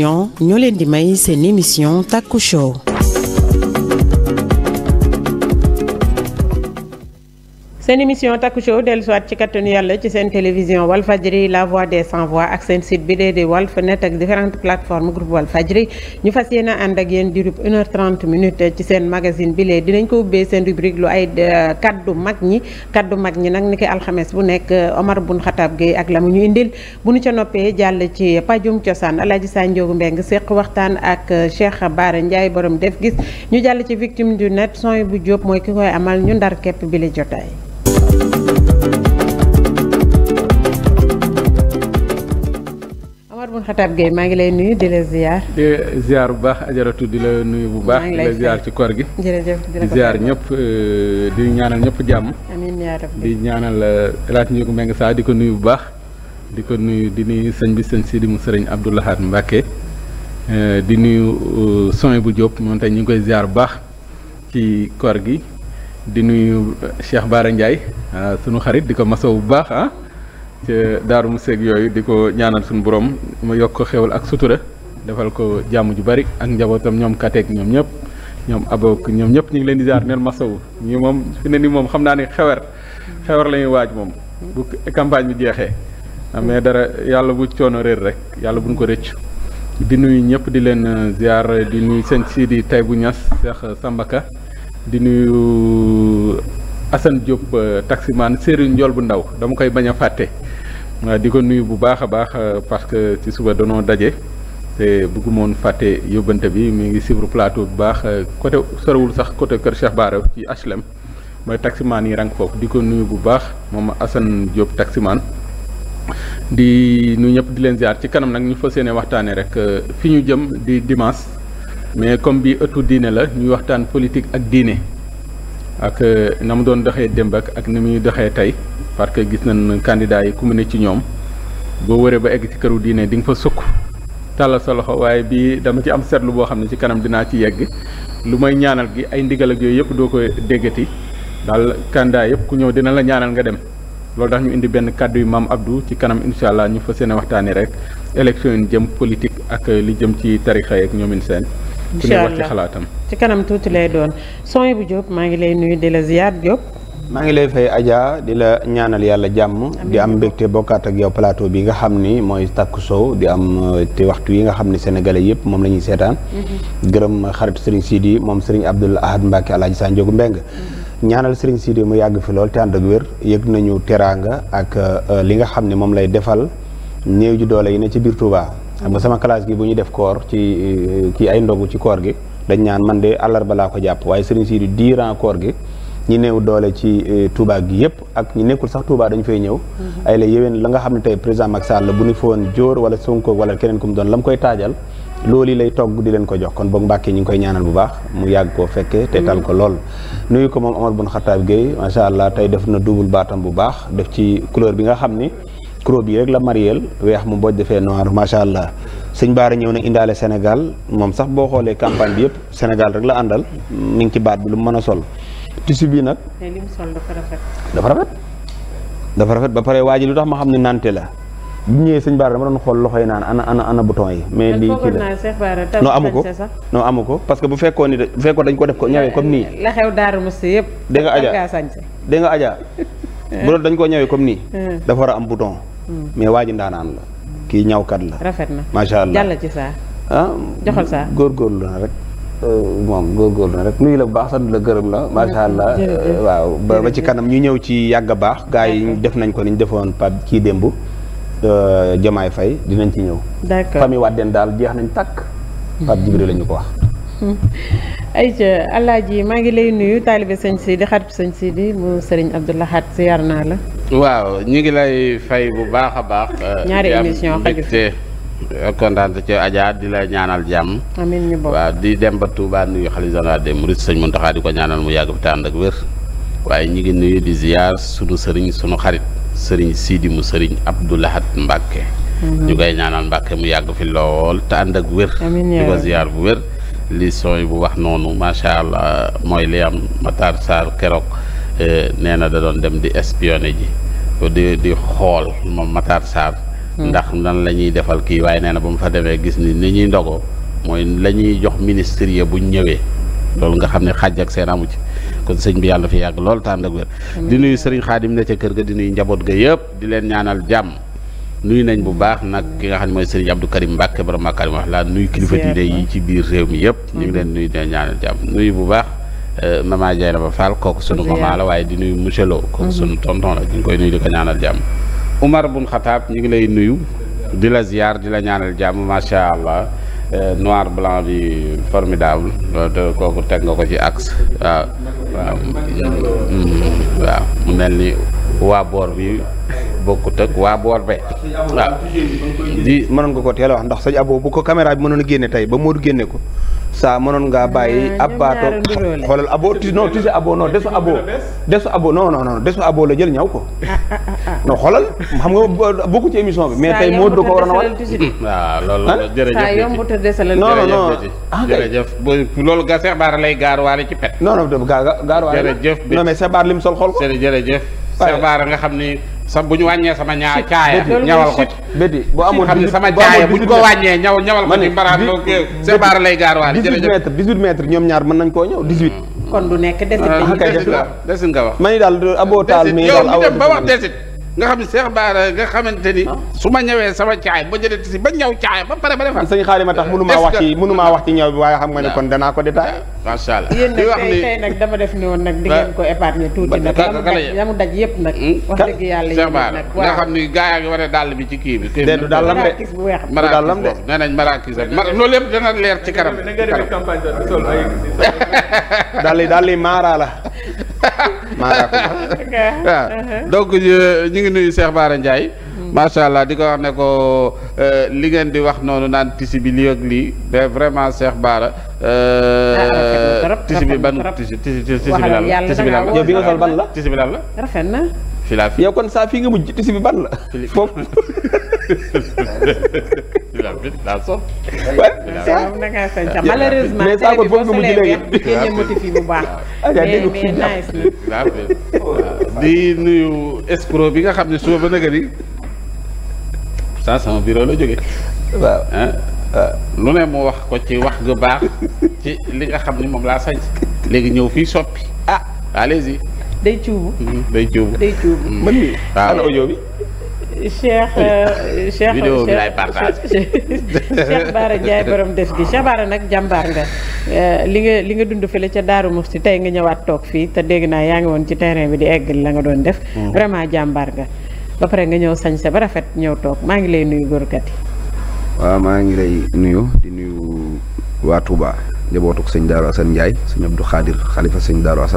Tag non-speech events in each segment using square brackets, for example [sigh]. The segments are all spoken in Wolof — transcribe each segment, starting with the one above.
production ñoo leen di may seen émission Taku Show seen émission Taku Show dellu siwaat ci kattanu yàlla ci seen télévision Walfadjri la voix des sans voix ak seen site bi dee di Walf net ak différentes plateformes groupe Walfadjri ñu fas yéen a ànd ak yéen di rub 1 heure ci seen magazine bi lee dinañ ko ubbee seen rubrique lu ay euh, kaddu mag ñi kaddu mag ñi nag niki alxames bu nekk euh, Omar Bun Xataab Gueye ak la mu ñu indil bu ñu ca noppee jàll ci pajum cosaan Alaaji Sa Njoogu Mbeng séq waxtaan ak euh, Cheikh Baara Ndiaye borom def gis ñu jàll ci victime du net son bu Jóob mooy ki koy amal ñu ndar képp bi la jotaay Omar Bun Khatab Gueye maa ngi lay nuyu di la ziar. di ziar bu baax ajaratu di la nuyu bu baax. di la ziar ci koor gi. jërëjëf di ñëpp euh, di ñaanal ñëpp jàmm. amiin yaa ñaanal euh, El Hadj Ndiogou Mbengue saa di ko nuyu bu baax. di ko nuyu di nuyu sëñ bi sëñ Sidi mu sëriñ Abdou Lahad Mbacké euh, di nuyu son bu Diop ñu ngi koy ziar bu baax ci koor gi di nuyu Cheikh Bara Ndiaye sunu xarit di ko masaw bu baax ah. ca daaru seeg yooyu di ko ñaanal suñu borom ma yokk ko ak sutura defal ko jàmm ju bari ak njabootam ñoom kateeg ñoom ñëpp ñoom abok ñoom ñëpp ñu ngi leen di jaar neen masawu ñii moom fi ne ni moom xam naa ne xewer xewer la waaj moom bu campagne bi jeexee ah, mais dara yàlla bu coono réer rek yàlla buñ ko rëcc di nuyu ñëpp di leen euh, ziar di nuyu sëñ Sidi Taïbu Niass Cheikh Sambaka di nuyu Assane Diop euh, taximaan Serigne njool bu ndaw dama koy bañ a fàtte di ko nuyu bu baax a baax euh, parce que ci suba danoo daje te bëggumoon fàtte yóbbante bi mu ngi suivre plateau bu baax euh, côté sorewul sax côté Kër Cheikh Bara ci HLM mooy taximaan yi rang foofu di ko nuyu bu baax moom Assane Diop taximaan di nu ñëpp di leen ziar ci kanam nag ñu fa yéene waxtaanee rek euh, fi ñu jëm di dimanche mais comme bi ëttu diine la ñuy waxtaan politique ak diine. ak euh, na mu doon doxee démb ak ak ni muy doxee tey parce que gis nañ candidat yi ku mu ne ci ñoom boo wëree ba egg ci këru diine di nga fa sukk tàllal sa loxo waaye bii dama ci am seetlu boo xam ne ci kanam dinaa ci yegg lu may ñaanal gi ay ndigal yooyu yëpp doo ko déggati daal candidat yëpp ku ñëw dina la ñaanal nga dem loolu dax ñu indi benn kàddu yu maam Abdou ci kanam incha allah ñu fa yéene waxtaanee rek élection yi jëm politique ak euh, li jëm ci tarixa yeeg ñoomin seen ku ne ci kanam tuuti lay doon son bu Diop maa ngi lay nuy di la ziar Diop. maa ngi lay fay Adja di la ñaanal yàlla jàmm di am mbégte bokkaat ak yow plateau bi nga xam ni mooy Taku Show di am uh, te waxtu yi nga xam ni sénégalais yëpp moom la ñuy seetaan mm-hmm. gërëm xaritu Serigne Sidi moom Serigne Abdoul Ahad Mbacke Alaaji Sa Njogu Mbeng mm-hmm. ñaanal Serigne Sidi mu yàgg fi lool te ànd ak wér yëg nañu teraanga ak uh, li nga xam ne moom lay defal néew ji doole yi ne ci biir Touba xam nga sama classe gi bu ñu def koor ci ci ay ndogu ci koor gi dañ ñaan man de àllarba balaa ko jàpp waaye sëriñ si di diiran koor gi ñu new doole ci eh, Touba gi yëpp ak ñu nekkul sax Touba dañu fay ñëw mhm. ay la yéwén la nga xam ne tey président Macky Sall bu ñu foon jóor wala Sonko wala keneen ku mu doon la mu koy taajal loolu lay togg di leen ko jox kon boog Mbàkke ñu ngi koy ñaanal bu baax mu yàgg koo fekkee te tal ko lool mhm. nuyu ko moom Omar bun Xataab Gueye macha allah tey def na double baatam bu baax def ci couleur bi nga xam ni kuréel bi rek la mariel weex mu boj defee noir macha allah sëñ Baara ñëw na indaale Sénégal moom sax boo xoolee campagne bi yëpp Sénégal rek la àndal mi ci baat bi lu mu a sol. tissu bii nag. dafa rafet. dafa rafet ba pare waa lu tax ma xam ne nante la bu ñëwee sëñ Baara dama doon xool loxo yi naan ana ana ana yi. mais lii kii la non amu ko non amu ko parce que bu fekkoon bu fekkoon dañ ko def ko ñawee comme nii. la xew Darou Moussa yëpp. dégg nga Adja dégg nga [laughs] bu doon hmm. a am mais waa ji ndaanaan la kii ñawkat la rafet na macha allah jàll ci saa ah joxal saa góorgóorlu na rek euh, moom góorgóorlu na rek nuyu la bu baax sant la gërëm la macha allah euh, waaw ba ci kanam ñu ñëw ci yàgg a baax gaa yi def nañ ko ni defoon pap kii démb Jamaay euh, Fay dinañ ci ñëw d'accord famille Wàddeen daal jeex nañ tàkk Pape Jibril la ko wax ayca [laughs] alaaji maa ngi lay nuyu taalibe sañ Sidi xarit sëñ Sidi mu sëriñ Abdou Lahad ziar naa la waaw ñu ngi lay fay bu baax a baax. [laughs] ñaari émission xajul fi kontaan ci Adja di la ñaanal jàmm. amiin ñu waaw di dem ba Touba nuyu xalifa général des mourides sëñ di ko ñaanal mu yàgg fi te ànd waaye ñu ngi nuyu di ziar sunu xarit sëriñ Sidi mu sëriñ Abdou Lahad Mbacke. Mhm. ñu koy ñaanal Mbacke mu yàgg fi lool te ànd ak wér. di ko ziar bu wér. li sooy bu wax noonu macha allah mooy li am Matar Sarr keroog. Eh, nee na da doon dem di espionné ji di di xool moom Matar Sarr hmm. ndax nan la ñuy defal kii waaye nee na ba mu fa demee gis ni ni ñuy ndogoo mooy la ñuy jox ministre bu buñ ñëwee loolu nga xam ne xàjj ak seen amu ci kon sëñ bi yàlla fi yàgg loolu tànd ak wér di nuy sëriñ xaadim ne ca kër ga di nuy njaboot ga yëpp di leen ñaanal jàmm nuyu nañ bu baax nag ki nga xam ne mooy sëriñ Abdou Karim Mbacke borom Makarim wax laa nuyu kilifa diine yi ci biir réew mi yëpp ñu ngi leen nuyu di bu baax Euh, maman Dieynaba Fall kooku sunu maman la waaye di nuyu monsieur Lo kooku mhm. sunu tonton la ñu koy nuyu di ko ñaanal jàmm Umar bun Xataab ñu ngi lay nuyu di la ziar di la ñaanal jàmm macha allah euh, noir blanc bi formidable euh, te kooku teg nga ko ci axe mm-hmm, waaw mu mel ni waa boor bi bokkut ak waa boor be waaw di mënoon nga ko teel a wax ndax sëñ Abo bu ko caméra bi mënoon génne tey ba Modou génne ko saa mënoon ngaa bàyyi ah, abaato xoolal abo ti non tise abo non desu abo desu abo non desu abo la jël ñaw ko [laughs] non xoolal xam nga bokku ci émission bi mais tey moo du ko waroon a wax waaw ah, loolu jërëjëf non non non jërëjëf ah, loolu ga Cheikh Bara lay gaaruwaale ci pet non non gaa gaaruwaale jërëjëf lim sol xool ko jërëjëf Cheikh nga xam ni sam bu ñu wàññee sama ñaa caaya ñawal ko béti bu amoon xam sama caaya bu ñu ko wàññee ñaw ñawal ko ci mbaraan loo sébaara lay gaarwaale dix-huit mètres dix-huit mètres ñoom ñaar mën nañ koo ñëw dix-huit kon du nekk desit ah, nga wax ma ni daal aboo taal mi daal aw ba wax desit nga xam ne Cheikh Bara nga xamante ni. su ma ñëwee sama caay ba jëlee si ba ñëw caay ba pare ba defar. sëñ xaari ma tax mënu maa wax ci mënu maa wax ci ñëw bi waaye xam nga ne kon danaa ko détaillé. macha allah di wax ni yéen nag tey tey nag dama def ni woon nag di ko épargner tuuti nag. ba ka yëpp nag. Hmm? wax yàlla yëpp nag waaw nga xam ni gaa yaa ngi war bi ci kii bi. kii bi du dàllam de marakis bu weex. marakis boobu nee nañ marakis ak loolu yëpp dana leer ci kanam. [laughs] dàll yi daal yi maara la [laughs] [laughs] [laughs] waaw uh-huh. donc ñu ngi nuyu Cheikh Bara Ndiaye. Hmm. macha allah di ko wax ne ko euh, li ngeen di wax noonu naan tisi bi lii ak lii mais vraiment Cheikh Bara. Ah, euh, tisi bi ban tisi tisi bi lan la tisi bi lan la. bi nga la la. rafet na. filaafi yow kon saa fii nga mujj tisi bi ban la. foofu. filaafi daa soog. malheureusement. mais saa ko foofu nga ah, nuyu escroc bi nga xam ne suba ba nag ni saa sama bureau la jógee. waaw lu ne mu wax ko ci wax nga baax ci li nga xam ni moom laa sañ léegi ñëw fii soppi ah allez day cuubu. Mm-hmm. day cuubu day cuubu. mën mi waaw ana audio bi. Cheikh euh, Cheikh vidéo Baara Ndiaye borom des gi Cheikh Baara nag jàmbaar nga euh, li nga li nga dund fële ca Daaru Muxti tey nga ñëwaat toog fii te dégg naa yaa ngi woon ci terrain bi di eggal la nga doon def mm-hmm. vraiment jàmbaar nga ba pare nga ñëw sañ sa ba rafet ñëw toog maa ngi lay nuyu góorkat yi waaw maa ngi lay nuyu di nuyu waa Touba njabootuk sëñ Daaru Asan Ndiaye sëñ Abdou Xaadir xalifa sëñ Daaru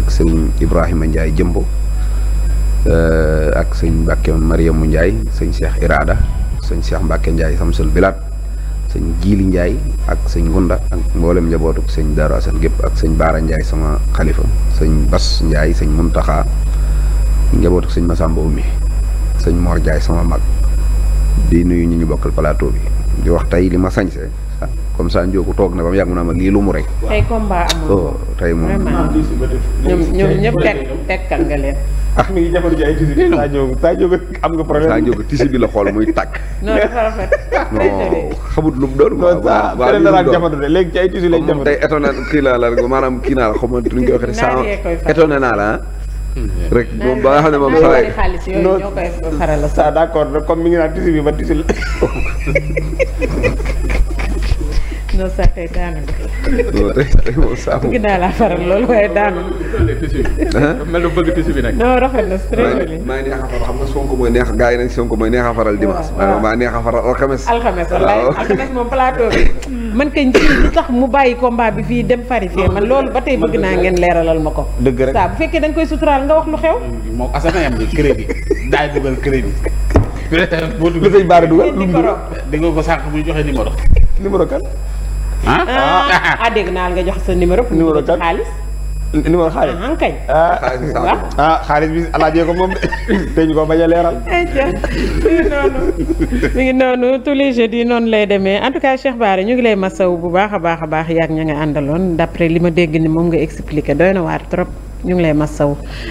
ak sëñ Ibrahima Ndiaye jëmbo eh, ak sëñ Mbacke Mariamu Ndiaye sëñ Cheikh Irada sëñ Cheikh Mbacke sama Samsul Bilaat sëñ Jiili Ndiaye ak sëñ Ngunda ak mboolem njabootuk sëñ Daaru Asan gépp ak sëñ Baara Ndiaye sama xalifa sëñ Bas Ndiaye sëñ Muntaxa njabootuk sëñ Masamba Oumy sëñ Mor Ndiaye sama mag di nuyu ñu ñu bokkal plateau bi di wax tey li ma sañse comme ça Ndiogou toog na ba mu yàgg mu ne ma lii lu mu rek. tey combat amul oh, tey moom vraiment ñoom ñoom ñëpp teg tekkal nga leen. ah mi ngi jamono ji ay tisi bi Sadio Sadio am nga problème Sadio tisi bi la xool muy tàkk. non dafa rafet. [laughs] non xamut lu mu doon. waaw waaw waaw li mu doon léegi ci ay tisi lañ jamono. tey étonné kii naa la ah. hmm. rek maanaam kii ni nga waxee sans ba nga xam ne moom saa yi xaalis yooyu ñoo koy faral d'accord comme mi ngi naan tisi bi ba tisi la [laughs] non sax tey daanu nga. tey tey moom saabu. bëgg naa laa faral loolu waaye daanu. mel na bëgg tissu bi rafet na neex a faral xam nga Sonko mooy neex gaa yi nañ Sonko mooy neex a faral dimanche. waaw maa neex a faral alxames. alxames wallaay alxames moom plateau man kañ ci li tax mu bàyyi combat bi fii dem fari fee man loolu ba tey bëgg naa ngeen leeralal ma ko. dëgg rek saa bu fekkee da koy suturaal nga wax lu xew. moom asana yam bi crédit dugal lu sëñ Baara dugal lu sànq muy joxe numéro. numéro kan. Ah. Ah. ah dégg naa nga jox sa numéro. numéro kan xaalis. numéro ah, xaalis ah xaalis bi alaajee ko moom de [laughs] ñu ko bañ a leeral. Eh, mi ngi noonu tous les jeudis noonu lay demee en tout cas Cheikh Bara ñu ngi lay masaw bu baax a baax a baax yaag ña nga àndaloon d'après li ma dégg ni moom nga expliqué doy na waar trop ñu ngi lay massaw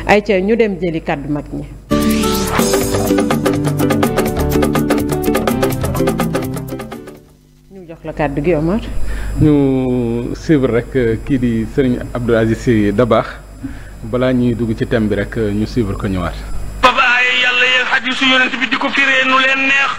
ay ca ñu dem jëli kàddu mag ñi. ñu jox la kàddu gi Omar. ñu suivre rek euh, kii di sëriñ Abdoul Aziz Sy baax balaa ñuy dugg ci thème bi rek euh, ñu suivre ko ñëwaat. papa yàlla yéen hadiisu yonent bi di ko firee leen neex.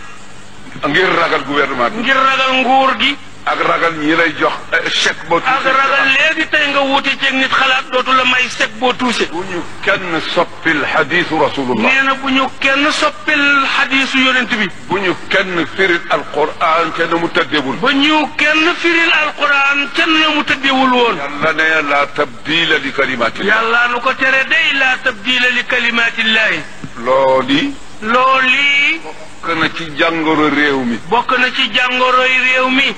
ngir ragal gouvernement bi. ngir ragal nguur gi. ak ragal ñi lay jox eh, chèque boo tuuse. ak ragal léegi tey nga wuute ceeg nit xalaat dootu la may chèque boo tuuse. bu ñu kenn soppil xadiisu rasulullah. nee na bu ñu kenn soppil xadiisu yonent bi. bu ñu kenn firil alquran kenn mu tëddeewul. bu ñu kenn firil alquran kenn mu tëddeewul woon. yàlla ne laa tabdiila li kalimaatillahi. yàlla nu ko tere day laa tabdiila li kalimaatillahi. looli. looli. bokk na ci jàngoro réew mi. bokk na ci jàngoroy réew mi.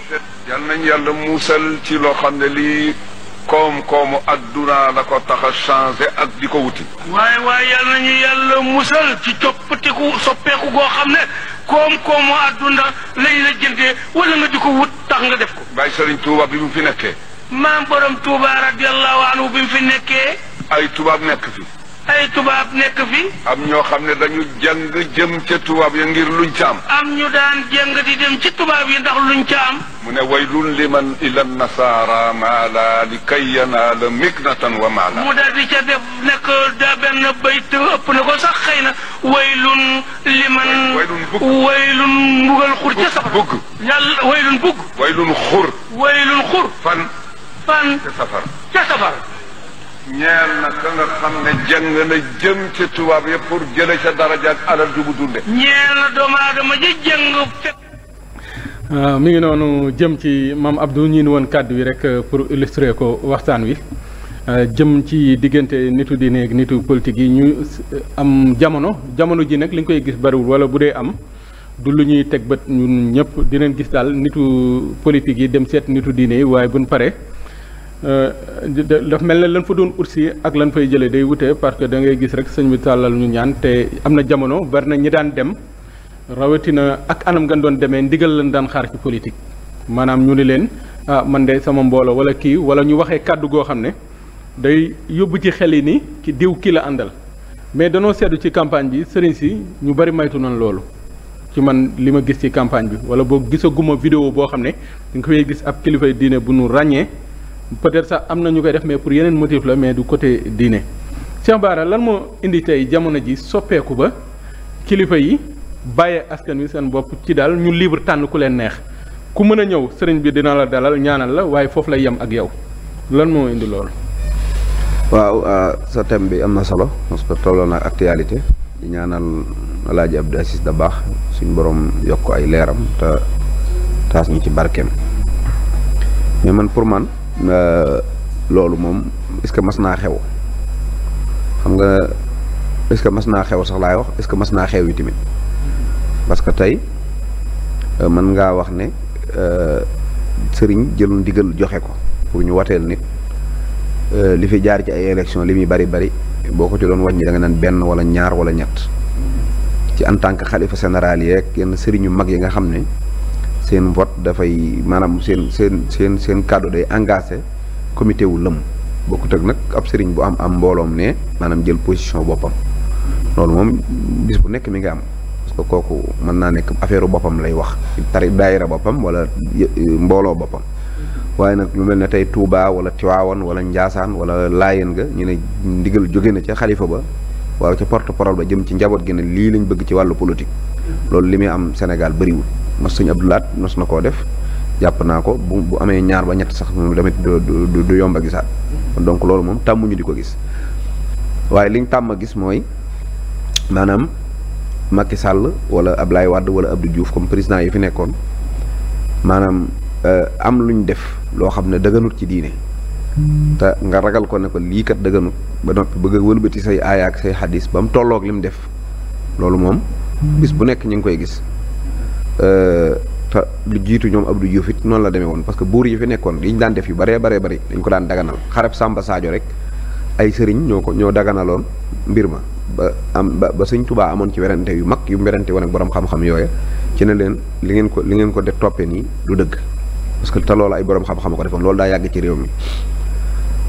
yal nañ yàlla muusal ci loo xam ne lii koom-koomu adduna la ko tax a changé ak di ko wuti. waaye waaye yal nañu yàlla musal ci coppatiku soppeeku goo xam ne koom-koomu koom adduna lañ la jëndee wala nga di ko wut tax nga def ko. bay Serigne Touba bi mu fi nekkee. maam borom Touba radiyallahu anhu bi mu fi nekkee. ay tubaab nekk fi. ay tubaab nekk fi. am ñoo xam ne dañu jàng jëm ca tubaab ya ngir luñ ca am. am ñu daan jàng ci tubaab yi ndax luñ ca am. mu ne waylun liman ila nasaara maala li kay yanaala miknatan wa maala. mu daal di ca def nekk daa benn bayt ëpp na ko sax xëy na waylun liman. waylun bugg waylun mbugal xur ca safara. bugg yàlla safara. ñeel na ka nga xam ne jàng na jëm ca tubaab ya pour jële ca daraja ak alal ju mu dunde ñeel na doomu aadama ji jàng ah, mi ngi noonu jëm ci maam Abdou ñiin woon kàddu yi rek euh, pour illustrer ko waxtaan wi ah, jëm ci diggante nitu diine ak nitu politique yi ñu euh, am jamono jamono ji nag li ñu koy gis bariwul wala bu dee am du lu ñuy teg bët ñun ñëpp dinañ gis daal nitu politique yi dem seet nitu diine yi waaye buñ pare Euh, daf mel ne lan fa doon ursi ak lan fay jëlee day wute parce que da ngay gis rek sëñ bi tàllal ñu ñaan te am na jamono bari na ñi daan dem rawatina ak anam gan doon demee ndigal lan daan xaar ci politique maanaam ñu ni leen ah man de sama mbooloo wala kii wala ñu waxee kàddu goo xam ne day yóbbu ci xel yi ni ki diw kii la àndal mais danoo seddu ci campagne bi sëriñ si ñu bari maytu nan loolu ci man li ma gis ci campagne bi wala boo gisaguma vidéo boo xam ne da nga koy gis ab kilifa diine bu nu ràññee peut-être sax am na ñu koy def mais pour yeneen motif la mais du côté diine Cheikh Bara lan moo indi tey jamono ji soppeeku ba kilifa yi bàyyee askan wi seen bopp ci daal ñu libre tànn ku leen neex ku mën a ñëw sëriñ bi dina la dalal ñaanal la waaye foofu lay yem ak yow lan moo indi loolu. waaw ah, sa thème bi am na solo parce tolloon tolloo na actualité di ñaanal Alaaji Abdou Aziz da baax suñ borom yokk ay leeram te taas ñu ci barkeem mais man pour man. Euh, loolu moom est-ce que mas naa xew xam nga est que mas naa xew sax laay wax est-ce que mas naa xew yi tamit parce que tey euh, mën ngaa wax ne euh, sëriñ jël ndigal joxe ko pour ñu wateel nit li fi jaar ci ay élection li muy bari bari boo ko ci doon wàññi da nga naan benn wala ñaar wala ñett ci en tant que xalifa général yeeg yenn sëriñ yu mag yi nga xam ne seen vote dafay maanaam seen seen seen seen kàddu de engagé comité wu lëm bokkut ak nag ab sëriñ bu am am mbooloom ne maanaam jël position boppam loolu moom bis bu nekk mi ngi am parce que kooku mën naa nekk affaire boppam lay wax tari daayira boppam wala mbooloo boppam waaye nag lu mel ne tey Touba wala Tiwaawan wala Njaasaan wala Laayeen ga ñu ne ndigal jóge na ca xalifa ba waaw ca porte parole ba jëm ci njaboot gi lii lañ bëgg ci wàllu politique loolu li muy am Sénégal bëriwul ndax sëñ abdulaat nos na koo def jàpp naa ko bu bu amee ñaar ba ñett sax moom tamit du du yomb a gisaat donc loolu moom tàmmuñu di ko gis waaye liñ tàmm a gis mooy maanaam Macky Sall wala Ablaye Wade wala Abdou Diouf comme président yi fi nekkoon maanaam euh, am luñ def loo xam ne dëgganut ci diine te nga ragal ko ne ko lii kat dëgganut ba noppi bëgg a wëlbati say aaya ak say xadis ba mu tollook li mu def loolu moom bis bu nekk ñu ngi koy gis Euh, te lu jiitu ñoom ab Diouf it noonu la demee woon parce que buur yi fi nekkoon liñ daan def yu bëree bëree bëri dañ ko daan daganal xarab Samba Sadio rek ay sëriñ ñoo ko ñoo daganaloon mbir ma ba am ba sëñ Tubaa amoon ci werante yu mag yu werante woon ak borom xam-xam yooya ne leen li ngeen ko li ngeen ko def toppee nii du dëgg parce que te loolu ay borom xam ko defoon loolu daa ci réew mi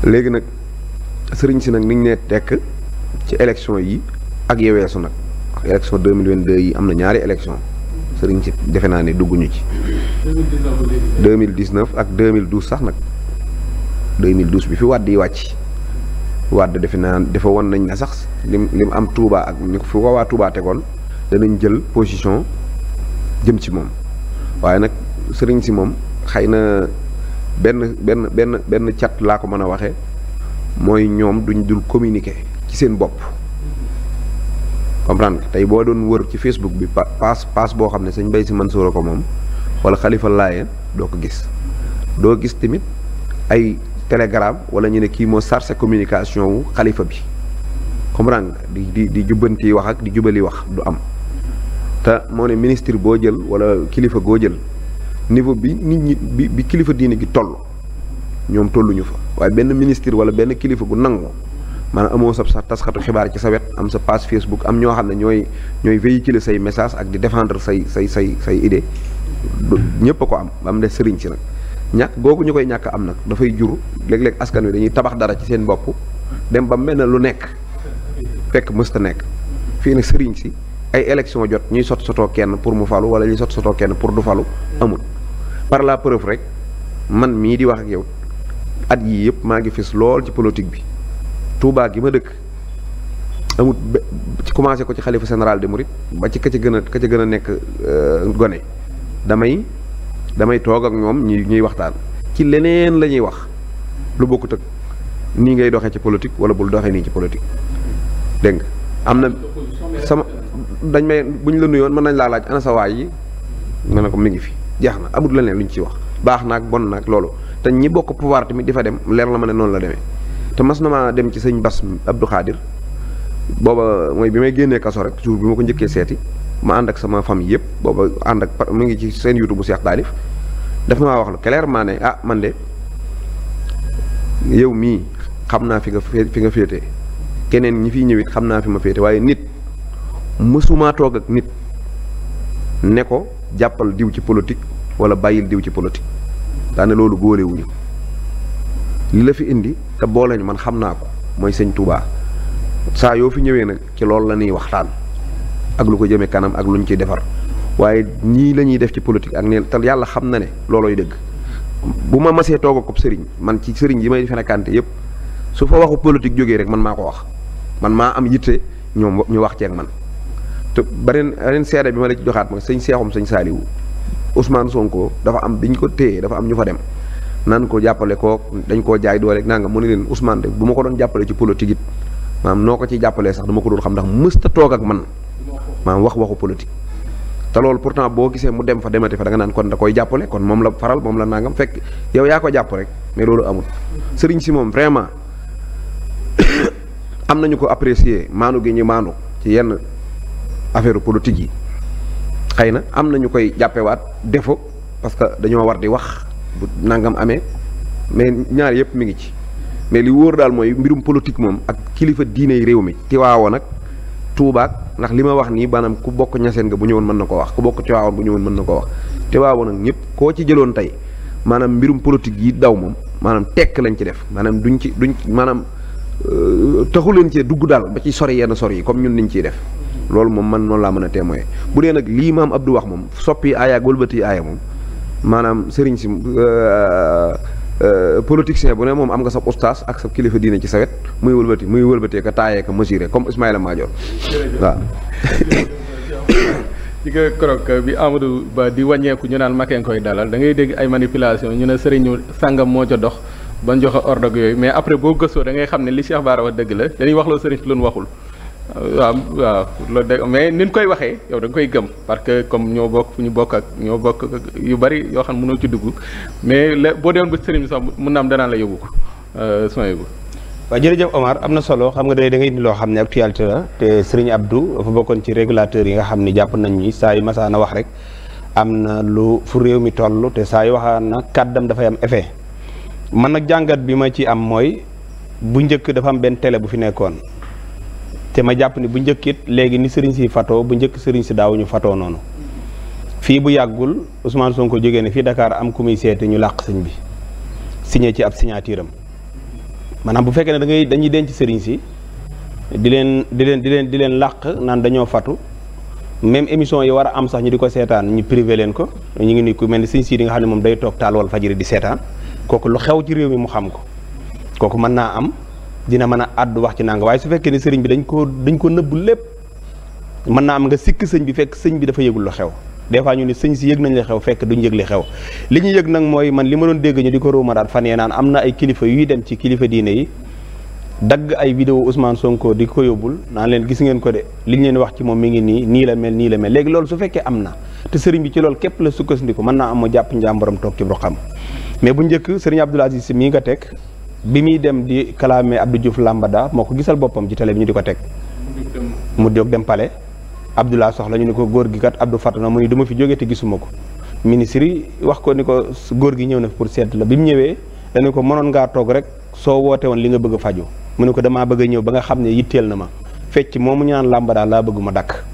léegi nag sëriñ si nag niñ ne tekk ci élection yi ak su nag élection 2022 yi am na ñaari élection sëriñ si defe naa ne dugguñu ci. 2019 ak de 2012 sax nag 2012 bi fi wàdd yi wàcc. wàdd defe naa dafa won nañ ne sax lim am Touba ak ni fu ko waa Touba tegoon danañ jël position jëm ci moom waaye nag sëriñ si moom xëy na benn benn benn benn cat laa ko mën a waxee mooy ñoom duñ dul communiquer ci seen bopp. comprendre nga tey boo doon wër ci Facebook bi paas paas boo xam ne sañ Bay Si Mansuur a ko moom wala xalifa laaye doo ko gis doo gis tamit ay telegram wala ñu ne kii moo sarse communication wu xalifa bi comprendre nga di di di jubbanti wax ak di jubali wax du am te moo ne ministre boo jël wala kilifa goo jël niveau bi nit ñi bi kilifa diine gi toll ñoom tolluñu fa waaye benn ministre wala benn kilifa gu nangu maanaam amoo sa taskatu xibaar ci sa wet am sa page Facebook am ñoo xam ne ñooy ñooy véhiculer say message ak di défendre say say say say idée ñëpp a ko am am ne sëriñ si nag ñàkk googu ñu koy ñàkk am nag dafay jur léeg askan wi dañuy tabax dara ci seen bopp dem ba mel na lu nekk fekk mësta nekk fii ne sëriñ si ay élection jot ñuy sot sotoo kenn pour mu falu wala ñuy sot sotoo kenn pour du falu amul par la preuve rek man mii di wax ak yow at yii yëpp maa ngi fis lool ci politique bi tuubaa gi ma dëkk amut ci commencé ko ci xalifa général de Mouride ba ci ka ca gën a ka ci gën a nekk euh, gone damay damay toog ak ñoom ñuy ñuy waxtaan ci leneen la ñuy wax lu bokkut ak nii ngay doxee ci politique wala bul doxee nii ci politique dégg nga am na sama dañ may bu ñu la nuyoon mën nañ laa laaj ana sa waay yi ma ne ko mi ngi fi jeex na amut leneen lu ñu ciy wax baax naag bon naag loolu te ñi bokk pouvoir tamit di fa dem leer la ma ne noonu la demee te mas na maa dem ci sëñ Bas Abdou Khadir booba mooy bi may génnee kaso rek jour bi ma ko njëkkee seeti ma ànd ak sama famille yëpp booba ànd ak mu ngi ci seen YouTube bu Cheikh Daalif daf na maa wax lu clairement ne ah man de yow mii xam naa fi nga fi nga féete keneen ñi fiy ñëwit xam naa fi ma féete waaye nit mësumaa toog ak nit ne ko jàppal diw ci politique wala bàyyil diw ci politique daane loolu góorewuñu li la fi indi te boole ñu man xam naa ko mooy sëñ Touba saa yoo fi ñëwee nag ci loolu la ñuy waxtaan ak lu ko jëmee kanam ak lu ñu ciy defar waaye ñii lañuy def ci politique ak ne te yàlla xam na ne loolooy dëgg bu ma masee toog ak sëriñ man ci sëriñ yi may fenekante yëpp su fa waxu politique jógee rek man maa ko wax man maa am yitte ñoom ñu wax ceeg man te beneen beneen seede bi ma la ci joxaat ma sëñ Seexum sëñ Saaliwu Ousmane Sonko dafa am bi ñu ko téye dafa am ñu fa dem. naan ko jàppale kook dañ koo jaay doole rek nanga mu ne leen Ousmane de bu ma ko doon jàppale ci politique it maanaam noo ko ciy jàppalee sax dama ko doon xam ndax mësta toog ak man maanaam wax waxu politique te loolu pourtant boo gisee mu dem fa demati fa da nga naan kon da jàppale kon moom la faral moom la yow yaa ko jàpp rek mais loolu amul sëriñ si moom vraiment [coughs] am nañu ko apprécier maanu gi ñu maanu ci yenn affaire politique yi xëy na am na ñu koy jàppewaat défaut parce que dañoo war di wax nangam amee mais ñaar yëpp mu ngi ci mais li wóor daal mooy mbirum politique moom ak kilifa diine réew mi tiwaawoo nag tuubaak ndax li ma wax nii maanaam ku bokk ñaseen nga bu ñëwoon mën na ko wax ku bokk tiwaawoon bu ñëwoon mën na ko wax tiwaawoo nag ñëpp koo ci jëloon tey maanaam mbirum politique yi daw moom maanaam tekk lañ ci def maanaam duñ ci duñ maanaam euh, taxu leen cee dugg daal ba ci sori yenn sori yi comme ñun niñ ciy def loolu moom man noonu laa mën a témoin bu dee nag lii maam Abdou wax moom soppi aaya ak wëlbati moom maanaam sëriñ si euh, euh, politicien bu ne moom am nga sa ustaas ak sa kilifa diine ci sa muy wëlbati muy wëlbatee ka taayee ka mesuré comme Ismaïla Madior waaw [coughs] ci nga korog bi Amadou Ba di wàññeeku ñu naan Macky koy dalal da ngay dégg ay manipulation ñu ne sëriñu sàngam moo ca dox ba joxe ordre yooyu mais après boo gëstoo dangay xam ne li Cheikh Bara wax dëgg la dañuy waxloo sëriñ si lu nu waxul waaw waaw loolu de mais ni ñu koy waxee yow danga koy gëm parce que comme ñoo bokk fu ñu bokk ak ñoo bokk yu bari yoo xam ne mënoo ci dugg mais la boo doon ba sëriñ sax mun na am danaa la yóbbu ko euh, suma yóbbu. waaw jërëjëf Omar am na solo xam nga da nga indi loo xam ne actualité la te sëriñ Abdou dafa bokkoon ci régulateur yi nga xam ni jàpp nañ ni saa yu a wax rek am na lu fu réew mi toll te saa yu waxaan na kàddam dafay am effet man nag jàngat bi ma ci am mooy bu njëkk dafa am benn tele bu fi nekkoon. te ma jàpp ni bu njëkk it léegi ni sëriñ si fatoo bu njëkk sëriñ si daawuñu fatoo noonu fii bu yàggul Ousmane Sonko jógee ne fii Dakar am ku muy seeti ñu làkk sëñ bi signé ci ab signature am maanaam bu fekkee ne da ngay dañuy denc sëriñ si di leen di leen di leen di leen làq naan dañoo fatu même émission yi war a am sax ñu di ko seetaan ñu privé leen ko ñu ngi nii ku mel ni sëñ si di nga xam ne moom day toog taal wal fajiri di seetaan kooku lu xew ci réew mi mu xam ko dina mën a àddu wax ci nanga waaye su fekkee ne sëriñ bi dañ ko dañ ko nëbb lépp mën naa am nga sikk sëñ bi fekk sëñ bi dafa yëgul lu xew des fois ñu ne sëñ si yëg nañ la xew fekk duñ yëg li xew li ñu yëg nag mooy man li ma doon dégg ñu di ko ruuma daal fan yee naan am na ay kilifa yuy dem ci kilifa diine yi dagg ay vidéo Ousmane Sonko di ko yóbbul naan leen gis ngeen ko de li ñu leen wax ci moom mi ngi nii nii la mel nii la mel léegi loolu su fekkee am na te sëriñ bi ci loolu képp la sukkandiku mën naa am jàpp njàmboram toog ci bu xam mais bu njëkk sëriñ Abdoul Aziz mi nga teg bi muy dem di kalaame Abdou Diouf Lambada moo ko gisal boppam ci télé bi ñu di ko teg. mu jóg dem pale Abdoulaye soxla ñu ni ko góor gi kat Abdou Fatana mu ni duma fi jógee te gisuma ko. ministre yi wax ko ni ko góor gi ñëw na pour seet la bi mu ñëwee dañu ko mënoon ngaa toog rek soo woote woon li nga bëgg faju mu ne ko damaa bëgg a ñëw ba nga xam ne yitteel na ma fecc moomu ñaan Lambada laa bëgguma dakk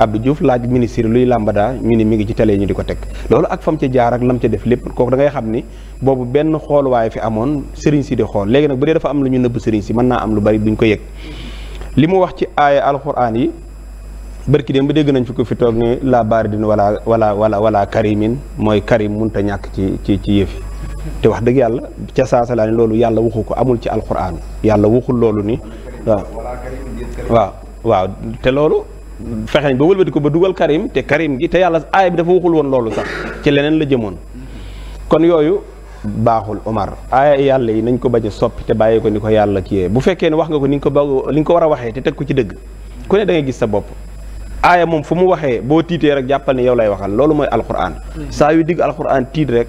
Abdou Diouf laaj ministre luy lambada ñu ni mi ngi ci télé ñu di ko teg loolu ak fam ci jaar ak lam ca def lépp kooku da ngay xam ni boobu benn xool waaye fi amoon sëriñ si di xool léegi nag bu dee dafa am lu ñu nëbb sëriñ si mën naa am lu bari duñ ko yëg li mu wax ci aaya alxuraan yi bërki dem ba dégg nañ fi ko fi toog ni la baridin wala wala wala wala karimin mooy karim munta ñàkk ci ci ci yëfi te wax dëgg yàlla ca saasa laa loolu yàlla waxu ko amul ci alxuraan yàlla waxul loolu ni waaw waaw fexe nañ ba wëlbati ko ba dugal Karim te Karim gi te yàlla aaya bi dafa waxul woon loolu sax ci leneen la jëmoon kon yooyu baaxul Omar aaya yàlla yi nañ ko bañ a soppi te bàyyi ko ni ko yàlla kiyee bu fekkee ne wax nga ko ni nga ko bëgg li nga ko war a waxee te teg ko ci dëgg ku ne da ngay gis sa bopp aaya moom fu mu waxee boo tiitee rek jàppal ne yow lay waxal loolu mooy alquran hmm. saa yu digg alquran tiit rek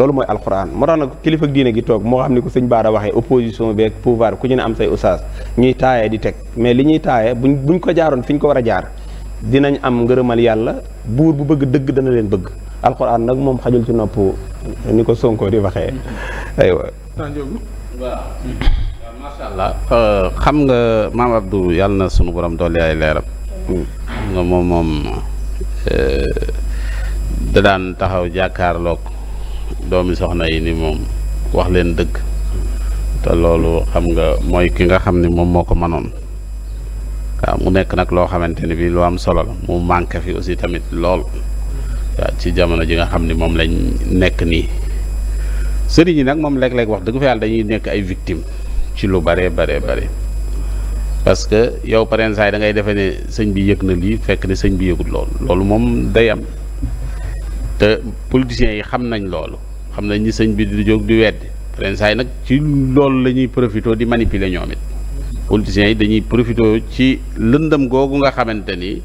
loolu mooy alxuraan moo tax nag kilifa diine gi toog moo xam ni ko sëñ Baara waxee opposition beeg pouvoir ku ñu ne am say oustaz ñuy taayee di teg mais li ñuy taayee buñ buñ ko jaaroon fi ñu ko war a jaar dinañ am ngërëmal yàlla buur bu bëgg dëgg dana leen bëgg alxuraan nag moom xajul ci nopp ni ko Sonko di waxee aywa. xam nga maam Abdou yàlla na sunu borom dool ay leeram nga mm. moom moom eh, da daan taxaw jàkkaarloog doomi soxna yi ni moom wax leen dëgg te loolu xam nga mooy ki nga xam ni moom moo ko manoon waaw mu nekk nag loo xamante ni bii lu am solo la mu manqué fi aussi tamit lool waaw ci jamono ji nga xam ni moom lañ nekk nii sëriñ yi nag moom léeg-léeg wax dëggu fa yàlla dañuy nekk ay victime ci lu bare bare bare parce que yow parents yi da ngay defee ne sëñ bi yëg na lii fekk ne sëñ bi yëgul lool loolu moom day am te politiciens yi xam nañ loolu xam nañ ni sëñ bi di jóg di weddi ren saa yi nag ci loolu la ñuy profité di manipuler ñoom it politiciens yi dañuy profité ci lëndam googu nga xamante ni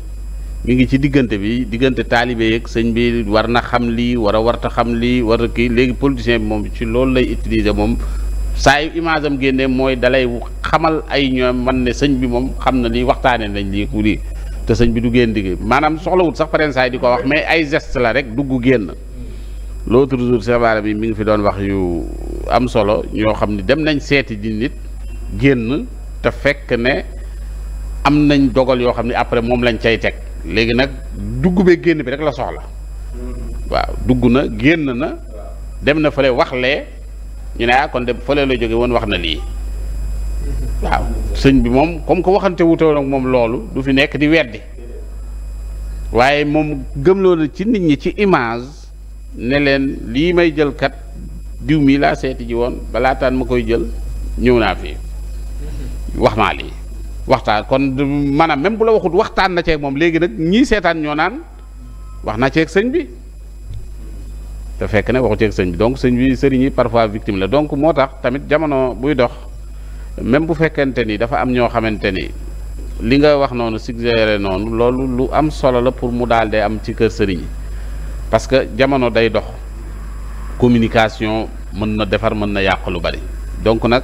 mi ngi ci diggante bi diggante taalibe yeeg sëñ bi war na xam lii war a warta xam lii war a kii léegi politicien bi moom ci loolu lay utiliser moom saa yu génne mooy dalay xamal ay ñoom man ne sëñ bi moom xam na lii waxtaane nañ lii ku lii te sëñ bi du génn digg maanaam soxlawut sax parensaay di ko wax mais ay gest la rek dugg génn loo jour sebaara bi mi ngi fi doon wax yu am solo ñoo xam ne dem nañ seeti di nit génn te fekk ne am nañ dogal yoo xam ne après moom lañ cay teg léegi nag dugg be génn bi rek la soxla waaw dugg na génn na dem na fële wax lee ñu ne ah kon dem fële la jóge woon wax na lii waaw sëñ bi moom comme que waxante wutoo ak moom loolu du fi nekk di weddi waaye moom gëmloo na ci nit ñi ci image ne leen lii may jël kat diw mii laa seeti ji woon balaataan ma koy jël ñëw naa fi wax naa lii waxtaan kon maanaam même bu la waxut waxtaan na ceeg moom léegi nag ñii seetaan ñoo naan wax na ceeg sëñ bi te fekk ne waxu ceeg sëñ bi donc sëñ bi sëriñ yi parfois victime la donc moo tax tamit jamono buy dox. même bu fekkente ni dafa am ñoo xamante ni li nga wax noonu suggéré noonu loolu lu am solo la pour mu daal di am ci kër sëriñ yi parce que jamono day dox communication mën na defar mën na yàq lu bari donc nag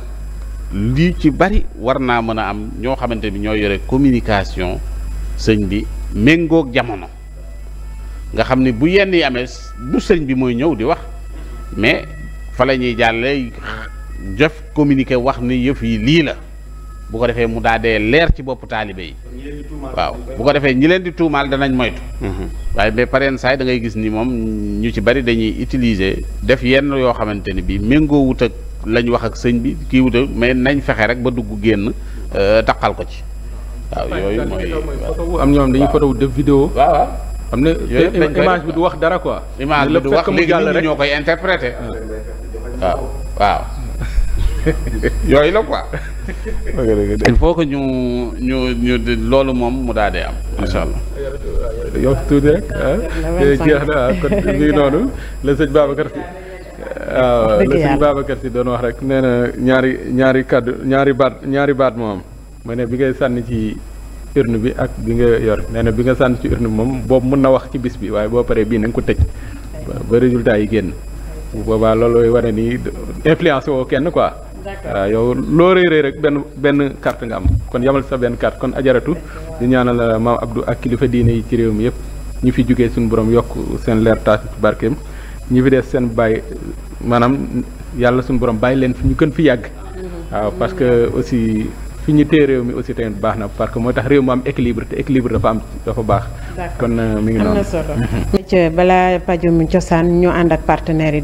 lii ci bari war naa mën a am ñoo xamante bi ñoo yore communication sëñ bi méngoog jamono nga xam ni bu yenn yi amee du sëñ bi mooy ñëw di wax mais fa la ñuy jàlle def communiqué wax ni yëf yi lii la bu ko defee mu daadee leer ci bopp taalibe yi waaw bu ko defee ñi leen di tuumaal danañ moytu mhm. waaye mais pareen saay da ngay gis ni moom ñu ci bari dañuy utiliser def yenn yoo xamante ni bi méngoo wut ak lañ wax ak sëñ bi kii wut mais nañ fexe rek ba dugg génn euh, taqal ko ci waaw yooyu mooy am ñoom dañuy photo def vidéo waaw xam ne image bi du wax dara quoi image bi du wax léegi nit ñoo koy interprété ah. waaw waaw yooyu la ko il faut que ñu ñu ñu loolu moom mu daal di am incha allah. yow tuuti rek ah. jeex na ah, kon mi ngi noonu la sëñ Babacar si. waaw la sëñ Babacar doon wax rek nee na ñaari ñaari kaddu ñaari baat ñaari baat moom am ne bi ngay sànni ci urne bi ak bi nga yor nee na bi nga sànni ci urn bi moom boobu mën na wax ci bis bi waaye boo paree bii na ko tëj ba résultat yi génn boobaa loolu lay wane influence woo kenn quoi. waaw euh, yow loo rëy rëy rek benn benn carte nga am kon yamal sa benn carte kon ajaratu di ñaanal euh, maam Abdou ak kilifa diine yi ci réew mi yëpp ñu fi jógee suñu boroom yokk seen leer taas ci barkeem ñu fi des seen bàyyi maanaam yàlla suñu borom bàyyi leen fu ñu gën fi yàgg mm-hmm. waaw parce que aussi fi ñu tee réew mi aussi tamit baax na parce que mooy tax réew mu am équilibre te équilibre dafa am dafa baax kon euh, mi ngi noonu am na solo mm-hmm. balaa pajum cosaan ñu ànd ak partenaires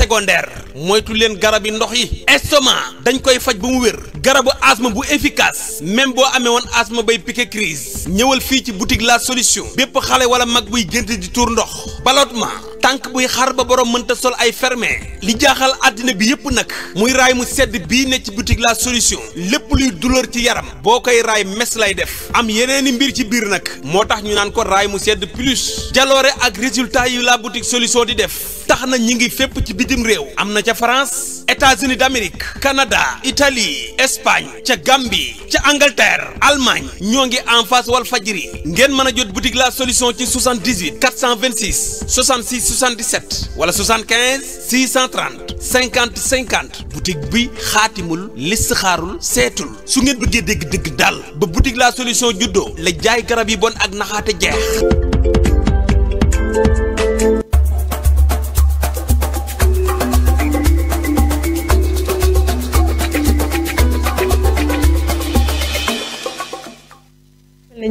secondaire moytu leen garab yi ndox yi estomac dañ koy faj ba mu wér garabu asthme bu efficace même boo amee woon asma bay piqué crise ñëwal fii ci boutique la solution bépp xale wala mag buy gént di tuur ndox ballottement tànk buy xar ba borom mënta sol ay fermé li jaaxal àddina bi yépp nag muy raay mu sedd bii ne ci boutique la solution lépp luy douleur ci yaram boo koy raay mes lay def am yeneeni mbir ci biir nag moo tax ñu naan ko raay mu sedd plus jaloore ak résultat yu la boutique solution di def tax na ñi ngi fépp ci bitim réew am na ca France États-Unis d'Amérique Canada Italie Espagne ca Gambie ca Angleterre Allemagne ñoo ngi en face Walfadjri ngeen mën a jot boutique la solution ci 78 426 66 77 wala 75 630 50 50 boutique bi xaatimul listixaarul seetul su ngeen bëggee dégg-dégg daal ba boutique la solution juddoo la jaay garab yi bon ak naxaate jeex.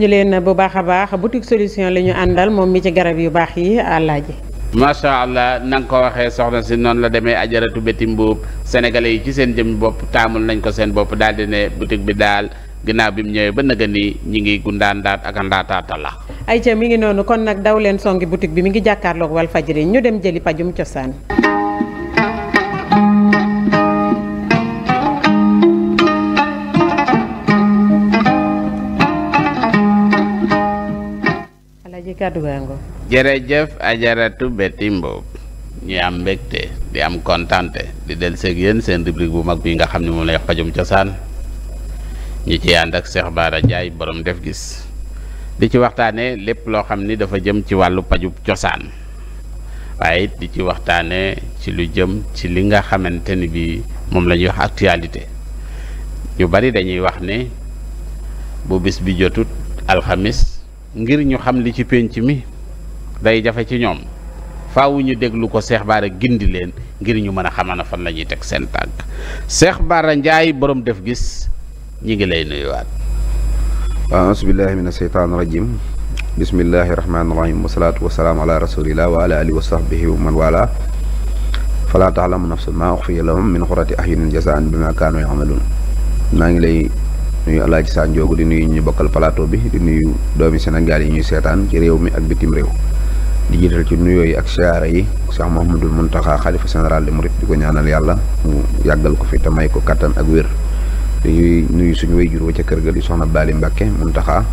ñu leen bu baax a baax boutique solution la ñu àndal moom mi ci garab yu baax yi àllaaji macha allah na nga ko waxee soxna si noonu la demee ajaratu béti mbuub sénégalais yi ci seen jëm bopp taamul nañ ko seen bopp daal di ne boutique bi daal ginnaaw bi mu ñëwee ba naga ni ñi ngi gundaan ndaat ak ndaataata la ay ca mi ngi noonu kon nag daw leen songi boutique bi mi ngi jàkkaarloog Walfadjri ñu dem jëli pajum cosaan kàddu gaa ngoog jërëjëf ajaratu Betty Mbow ñu am mbégte di am kontante di del seeg yéen seen rubrique bu mag bi nga xam ne moom lay wax pajum cosaan ñu ci ànd ak Cheikh Bara Ndiaye borom def gis di ci waxtaanee lépp loo xam ni dafa jëm ci wàllu pajub cosaan waaye it di ci waxtaanee ci lu jëm ci li nga xamante ni bi moom la ñuy wax actualité ñu bari dañuy wax ne bu bis bi jotut alxamis ngir ñu xam li ci pénc mi day jafe ci ñoom faaw ñu déglu ko seex Bara gindi leen ngir ñu mën a xamana fan la ñuy teg seen tànk Cheikh Bara njaay borom def gis ñi ngi lay nuyuwaat. aùzu billaahi mina seytaani rajiim bismillaahi rahmaani rahiim wasalaatu wasalaamu ala rasuulillah wa ala alihi wa sahbihi wa man wala falaa taxlamu nafsun maa jasaan bi maa kaanu yamaluun maa ngi lay nuyu alaaji Sa Ndiogou di nuyu ñu bokkal plateau bi di nuyu doomi Sénégal yi ñuy seetaan ci réew mi ak bitim réew di ci nuyoo yi ak siyaara yi Cheikh Mouhamadul Mountakha xalifa général de di ko ñaanal yàlla yàggal ko fi te may ko kattan ak wér di nuyu suñu wayjur wa ca kër ga di soxna Bali Mbacke Mountakha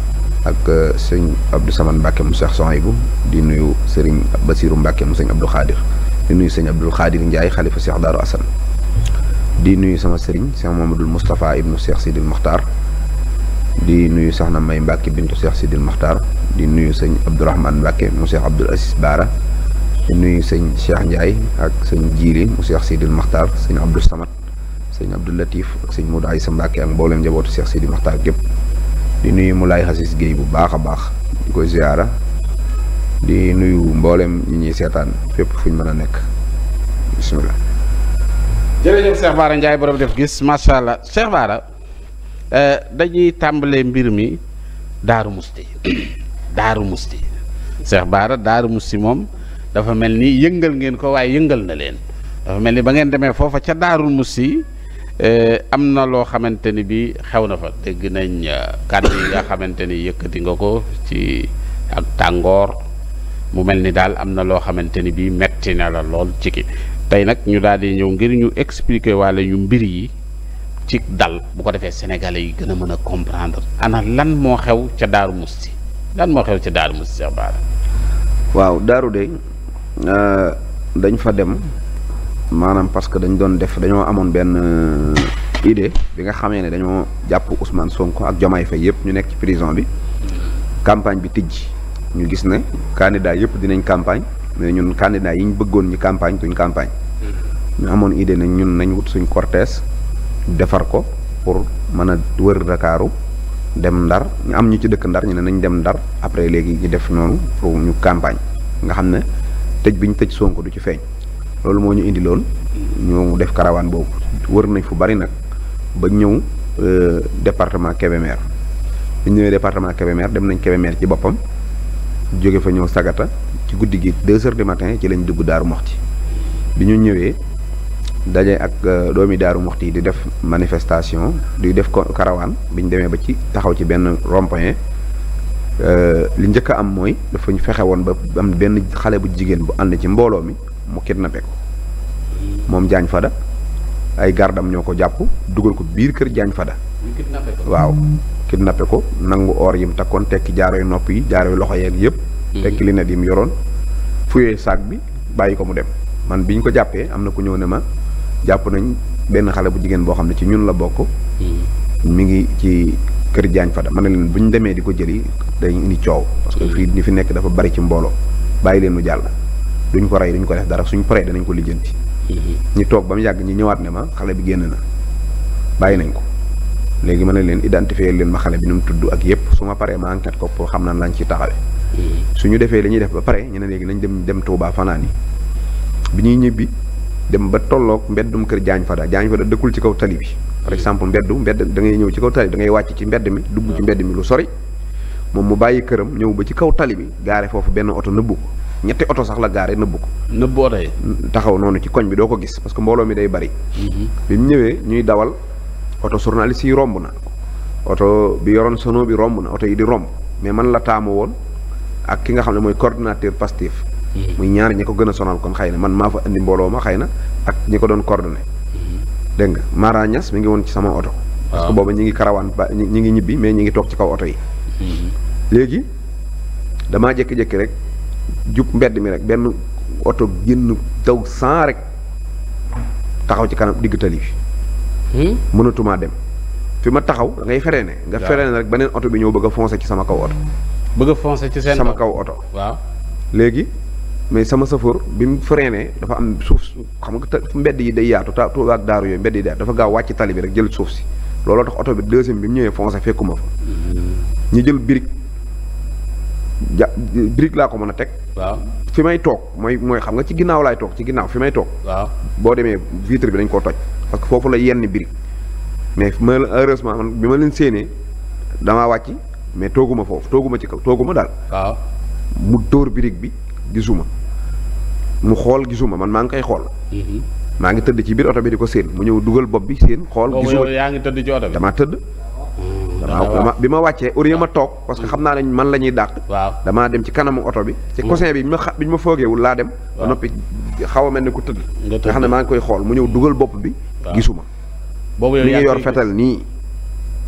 ak euh, sëñ Abdou Samane mu seex Sohaybou di nuyu sëriñ Basiru Mbacke mu sëñ Abdou Khadir di nuyu sëñ Abdou Khadir njaay xalifa seex Darou Assane di nuyu sama sëriñ Cheikh Mouhamadul Moustapha ibnu seex Sidil Mokhtar di nuyu soxna May Mbacke bintu Cheikh Sidil Makhtar di nuyu sëñ Abdourahmane Mbacke mu Cheikh Abdoul Aziz Baara di nuyu sëñ Cheikh Ndiaye ak sëñ Jili mu Cheikh Sidil Makhtar sëñ Abdou Samad sëñ Abdou Latif ak sëñ Modou sa Mbacke ak mboolem njabootu Cheikh Sidil Makhtar gépp di nuyu Moulay Xasis Guèye bu baax a baax di koy ziara di nuyu mboolem ñi ñuy seetaan fépp fuñ mën a nekk bisimilah. jërëjëf Cheikh Baara Ndiaye borom def gis macha allah Cheikh Euh, dañuy tàmbalee mbir mi daaru musti [coughs] daaru musti Cheikh Baara daaru musti moom dafa mel ni yëngal ngeen ko waaye yëngal na leen dafa mel ni ba ngeen demee foofa ca daarul musti euh, am na loo xamante ni bi xew na fa dégg nañ euh, kàddu yi nga xamante ni yëkkati nga ko ci ak tàngoor mu mel ni daal am na loo xamante ni bi metti na la lool ci ki tey nag ñu daal di ñëw ngir ñu expliquer waale ñu mbir yi ci dal bu ko defee sénégalais yi gën a mën a comprendre ana lan moo xew ca daaru si lan moo xew ca daaru musti Cheikh Bara waaw daaru de euh, dañ fa dem maanaam parce que dañ doon def dañoo amoon benn euh, idée bi nga xamee ne dañoo jàpp Ousmane Sonko ak Diomaye fa yëpp ñu nekk ci prison bi campagne bi tijj ñu gis ne candidat yëpp dinañ campagne mais ñun candidat yi ñu bëggoon ñu campagne duñ campagne hmm. ñu amoon idée nañ ñun nañ wut suñ cortège defar ko pour mën a wër Ndakaaru dem Ndar ñu am ñu ci dëkk Ndar ñu ne nañ dem Ndar après léegi ñu def noonu pour ñu campagne nga xam ne tëj bi ñu tëj Sonko du ci feeñ loolu moo ñu indi loon ñu def karawaan boobu wër nañ fu bari nag ba ñëw euh, département Kébémer bi ñëwee département Kébémer dem nañ Kébémer ci boppam jóge fa ñëw Sagata ci guddi gi deux heures du matin ci lañ dugg Daaru Moxti bi ñu ñëwee daje ak euh, doomi daaru yi di def manifestation di def karawaan bi ñu demee ba ci taxaw ci benn rond-point euh, li njëkk am mooy dafa ñu fexe woon ba am benn xale bu jigéen bu ànd ci mbooloo mi mu kidnappé ko moom Diagne Fada ay gardam ñoo ko jàpp dugal ko biir kër Diagne Fada waaw kidnappé ko nangu or yi mu takkoon tekki jaaroy nopp yi jaaroy loxo yeeg yëpp mhm. tekki li ne di mu yoroon fuyee saag bi bàyyi ko mu dem man bi ñu ko jàppee am na ku ñëw ma jàpp nañ benn xale bu jigéen boo xam ne ci ñun la bokk. mu hmm. ngi ci kër Diagne da ma ne leen bu ñu demee di ko jëli day indi coow. parce que hmm. fii ñi fi nekk dafa bari ci mbooloo bàyyi leen mu jàll. duñ ko rey duñ ko def dara suñu paree danañ ko lijjanti. Hmm. ñu toog ba mu yàgg ñu ñëwaat ne ma xale bi génn na bàyyi nañ ko. léegi ma ne leen identifier leen ma xale bi nu mu tudd ak yépp su ma paree ma enquête ko pour xam naa lañ ci taxawee. su ñu defee lañuy def ba pare ñu ne léegi nañ dem dem Touba fanaan yi bi ñuy ñibbi. dem ba tolloog mbeddum kër Diagne Fada Diagne Fada dëkkul ci kaw tali bi par exemple mbeddu mbedd dangay ñëw ci kaw tali da ngay wàcc ci mbedd mi dugg ci mbedd mi lu sori moom mu bàyyi këram ñëw ba ci kaw tali bi gaare foofu benn oto nëbbu ko ñetti oto sax la gaare nëbbu ko nëbbu oto yi taxaw noonu ci koñ bi doo ko gis parce que mbooloo mi day bari mm-hmm. bi mu ñëwee ñuy dawal oto journaliste yi romb na oto bi yoroon sono bi romb na oto yi di romb mais man la taamu woon ak ki nga xam ne mooy coordinateur Pastef Mm-hmm. muy ñaar ñi ko gën a sonal kon xëy na man maa fa indi mbooloo ma xëy na ak ñi ko doon coordonné mm-hmm. dégg nga Mara Niass mi ngi woon ci sama oto parce que booba ñi ngi karawaan ba ñi ngi ñibbi mais ñi ngi toog ci kaw oto yi mm-hmm. léegi damaa jékki-jékki rek jub mbedd mi rek benn oto génn daw sans rek taxaw ci kanam digg tali bi hmm? mënatumaa dem fi ma taxaw da ngay feree ne nga feree ne rek beneen oto bi ñëw bëgg a foncé ci sama kaw oto bëgg a ci seen sama kaw oto waaw léegi mais sama safoor bi mu freiné dafa am suuf xam nga mbedd yi day yaatu ta Tuuba ak daaru yooyu mbedd yi day dafa gaaw wàcc tali bi rek jël suuf si looloo tax oto bi deuxième bi mu ñëwee foncé fekkuma fa ñu jël birig ja brique laa ko mën a teg waaw fi may toog mooy mooy xam nga ci ginnaaw laay toog ci ginnaaw fi may toog waaw boo demee vitre bi dañ koo toj parce que foofu la yenn brique mais ma heureusement man bi ma leen séenee damaa wàcc mais tooguma foofu tooguma ci kaw tooguma daal waaw mu dóor bi gisuma mu xool gisuma man maa ngi koy xool. Mhm. maa ngi tëdd ci biir oto bi di ko séen mu ñëw dugal bopp bi séen xool. gisuma boobu yaa ngi tëdd ci oto bi damaa tëdd. Mm, dama bi ma wàccee au ma toog parce que mm. xam naa ne man la ñuy dàq. waaw damaa dem ci kanamu oto bi. ci mm. coussin bi bi ma xa ma foogeewul laa dem. waaw noppi xaw a mel ni ku tëdd. nga xam ne maa ngi koy xool mu ñëw dugal bopp bi. gisuma. boobu yow yaa ngi yor fetal nii.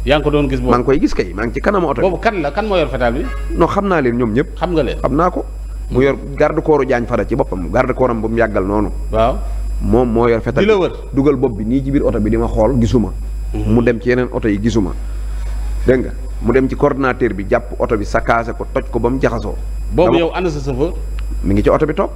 yaa ngi gis boobu maa ngi koy gis kay maa ngi ci kanamu oto bi. boobu kan la kan moo fetal bi. xam naa leen ñoom ñëpp. xam nga leen xam naa ko mu yor garde corps jaañ fada ci boppam garde corps am bu mu yàggal noonu. waaw moom moo yor fetal. di la wër dugal bopp bi nii ci biir oto bi di ma xool gisuma. Mhm. mu dem ci yeneen oto yi gisuma. dégg nga mu dem ci coordinateur bi jàpp oto bi sa sakaase ko toj ko ba mu jaxasoo. boobu yow ànd sa chauffeur. mi ngi ci oto bi toog.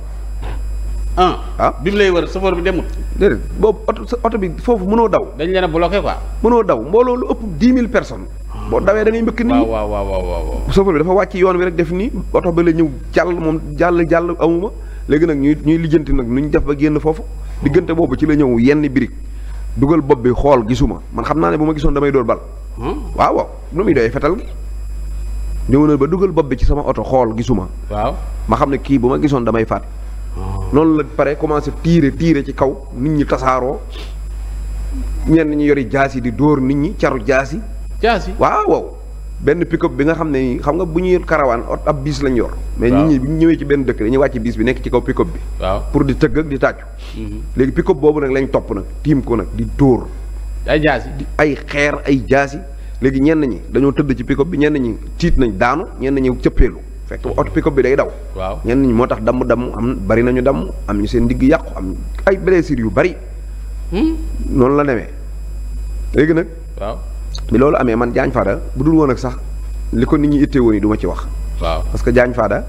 ah ah bi mu lay wër chauffeur bi demul. déedéet boobu oto oto bi foofu mënoo daw. dañ leen a bloqué quoi. mënoo daw mbooloo lu ëpp dix mille personnes. boo dawee da ngay mbëkk nit ñi waaw waaw waaw chauffeur bi dafa wàcc yoon wi rek def nii oto ba la ñëw jàll moom jàll jàll amuma léegi nag ñuy ñuy lijjanti nag nu ñu def ba génn foofu diggante boobu ci la ñëw yenn birig dugal bopp bi xool gisuma man xam naa ne bu ma gisoon damay dóor bal hmm? waaw waaw nu muy doyee fetal gi ñëw na ba dugal bopp bi ci sama oto xool gisuma waaw ma xam ne kii bu ma gisoon damay faat hmm. noonu la pare commencé tiire tiire ci kaw nit ñi tasaaroo ñenn ñi yori jaas yi di dóor nit ñi caru jaas yi jaas yi waaw waaw benn pick bi nga xam ne xam nga bu ñuy karawaan ot ab biis lañ yor mais nit ñi ñëwee ci benn dëkk dañuy wàcc biis bi nekk ci kaw pick-up bi waaw pour di tëgg ak di tàccu mhm. léegi pick boobu nag lañu topp nag tiim ko nag di dóor ay jaas yi ay xeer ay jaas léegi ñenn ñi dañoo tëdd ci pick-up bi ñenn ñi tiit nañ daanu ñenn ñi cëppeelu fekk oto pick-up bi day daw waaw ñenn ñi moo tax damm damm am bari nañu damm am ñu seen digg yàqu am ay blessures yu bari hmm? noonu la demee léegi bi loolu amee man Diagne Fada bu dul woon ak sax li ko nit ñi ittee woon yi duma ci wax. waaw parce que Diagne Fada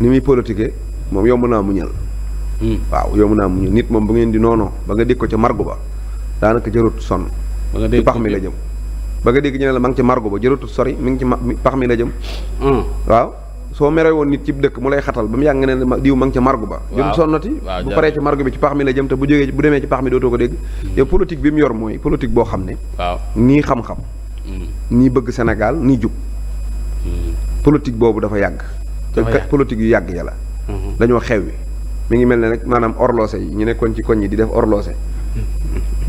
ni muy politique moom yomb naa mu ñal. Hmm. waaw yomb naa mu ñal nit moom bu ngeen di noonoo ba nga dégg ko ci margu ba daanaka jarut sonn. ba nga dégg pax mi la jëm. ba nga dégg ñu la ma ngi ca margo ba jarut sori mi ngi ci pax mi la jëm. Hmm. waaw. soo mere woon nit ci dëkk mu lay xatal ba mu yàgg nga ne diw ma ngi ca margu ba jëm sonnati bu paree ci margu bi ci pax mi la jëm te bu jógee bu demee ci pax mi dootoo ko dégg hmm. yow politique bi mu yor mooy politique boo xam ne nii xam-xam hmm. nii bëgg senegal nii jub hmm. politique boobu dafa yàgg te politique yu yàgg ya dañoo xew mu ngi mel ne nag maanaam orloose yi ñu nekkoon ci koñ yi di def orloose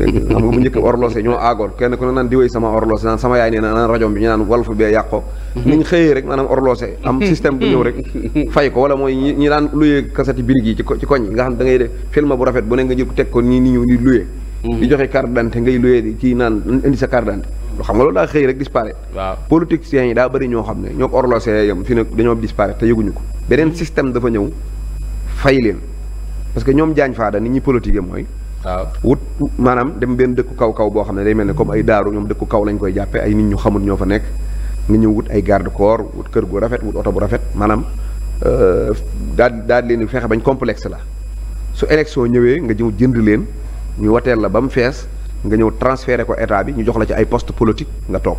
[laughs] xam nga bu njëkk orlosé ñoo aagoon kenn ku ne naan di wéy naan sama yaay nee na naan rajo bi ñu naan walfu bee yàqo mhm. ni ñu xëyee rek maanaam orlosé am mhm. système mhm. ko ci ci xam ngay def film bu rafet bu ne nga jël ni ñëw di luyee di joxe carte d'identité ngay luyee ci naan indi sa carte d'identité xam nga loolu daa xëy rek disparaître waaw politiciens yi daa bëri ñoo xam ne ñoo ko orlosé yam fi ne dañoo disparaître te yëguñu ko beneen système dafa ñëw fay leen parce que ñoom jaañ faada nit ñi politique mooy waaw wut maanaam dem benn dëkku kaw kaw boo xam ne day mel ni comme ay daaru ñoom dëkku kaw lañ koy jàppe ay nit ñu xamul ñoo fa nekk nga ñëw wut ay garde corps wut kër gu rafet wut oto bu rafet maanaam euh, daal daal leen fexe bañ complexe la su élection ñëwee nga ñëw jënd leen ñu wateel la ba mu fees nga ñëw transféré ko état bi ñu jox la ci ay poste politique nga toog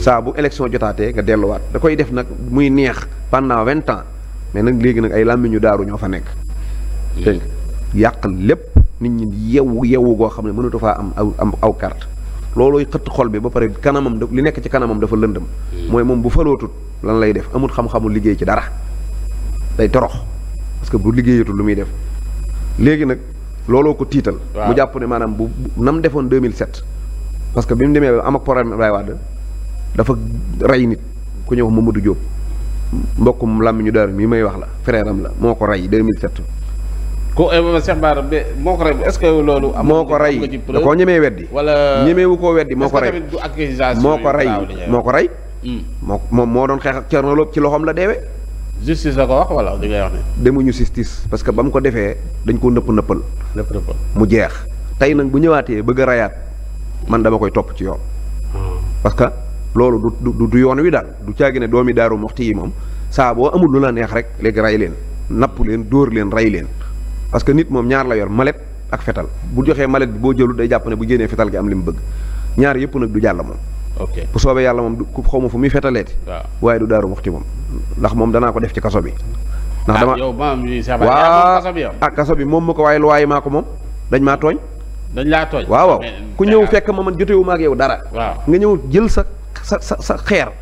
saa bu élection jotaatee nga delluwaat da koy def nag muy neex pendant vingt ans mais nag léegi nag ay làmmiñu daaru ñoo fa nekk dégg yàq lépp nit ñi yewu yewu goo xam ne mënatu faa am aw am aw carte loolooy xëtt xol bi ba pare kanamam li nekk ci kanamam dafa lëndëm hmm. mooy moom bu falootut lan lay def amul xam-xamul liggéey ci dara day torox parce que bu liggéeyatul lu muy def léegi nag looloo ko tiital mu jàpp ne maanaam bu nam defoon 2007 parce que bi mu demee ba am ak problème Abdoulaye Wade dafa rey nit ku ñuy wax Mamadou Diop mbokkum làmmiñu daaru mii may wax la frère am la moo ko rey 2007 ko eh, Cheikh Bara moo ko rey est-ce que loolu. moo ko rey da koo ñemee weddi. wala ñemewu koo weddi moo ko rey moo ko rey moo ko rey. moo moom moo doon xeex ak Thierno Lo ci loxoom la deewee. justice ko wax wala li ngay wax ni demuñu justice parce que ba mu ko defee dañ koo nëpp nëppal. nëpp nëppal mu jeex tey nag bu ñëwaatee bëgg a rayaat man dama koy topp ci yoon. Hmm. parce que loolu du du du yoon wi daal du caagi ne doomi daaru moxti yi moom saa boo lu la neex rek léegi rey leen napp leen dóor leen rey leen. parce que nit moom ñaar la yor malet ak fetal bu joxee malet bi boo jëlu day jàpp bu génnee fetal gi am li mu bëgg ñaar yëpp nag du jàll moom bu soobee yàlla moom ku xaw ma fu muy fetaleeti waaye du daaru waxti moom ndax moom danaa ko def ci kaso bi ndax ah, dama waaw ah kaso bi moom ma ko waaye lu waaye maa ko moom dañ maa tooñ dañ laa tooñ waaw waaw ku ñëw fekk ma man jotewu ma ak yow dara nga ñëw jël sa sa sa sa xeer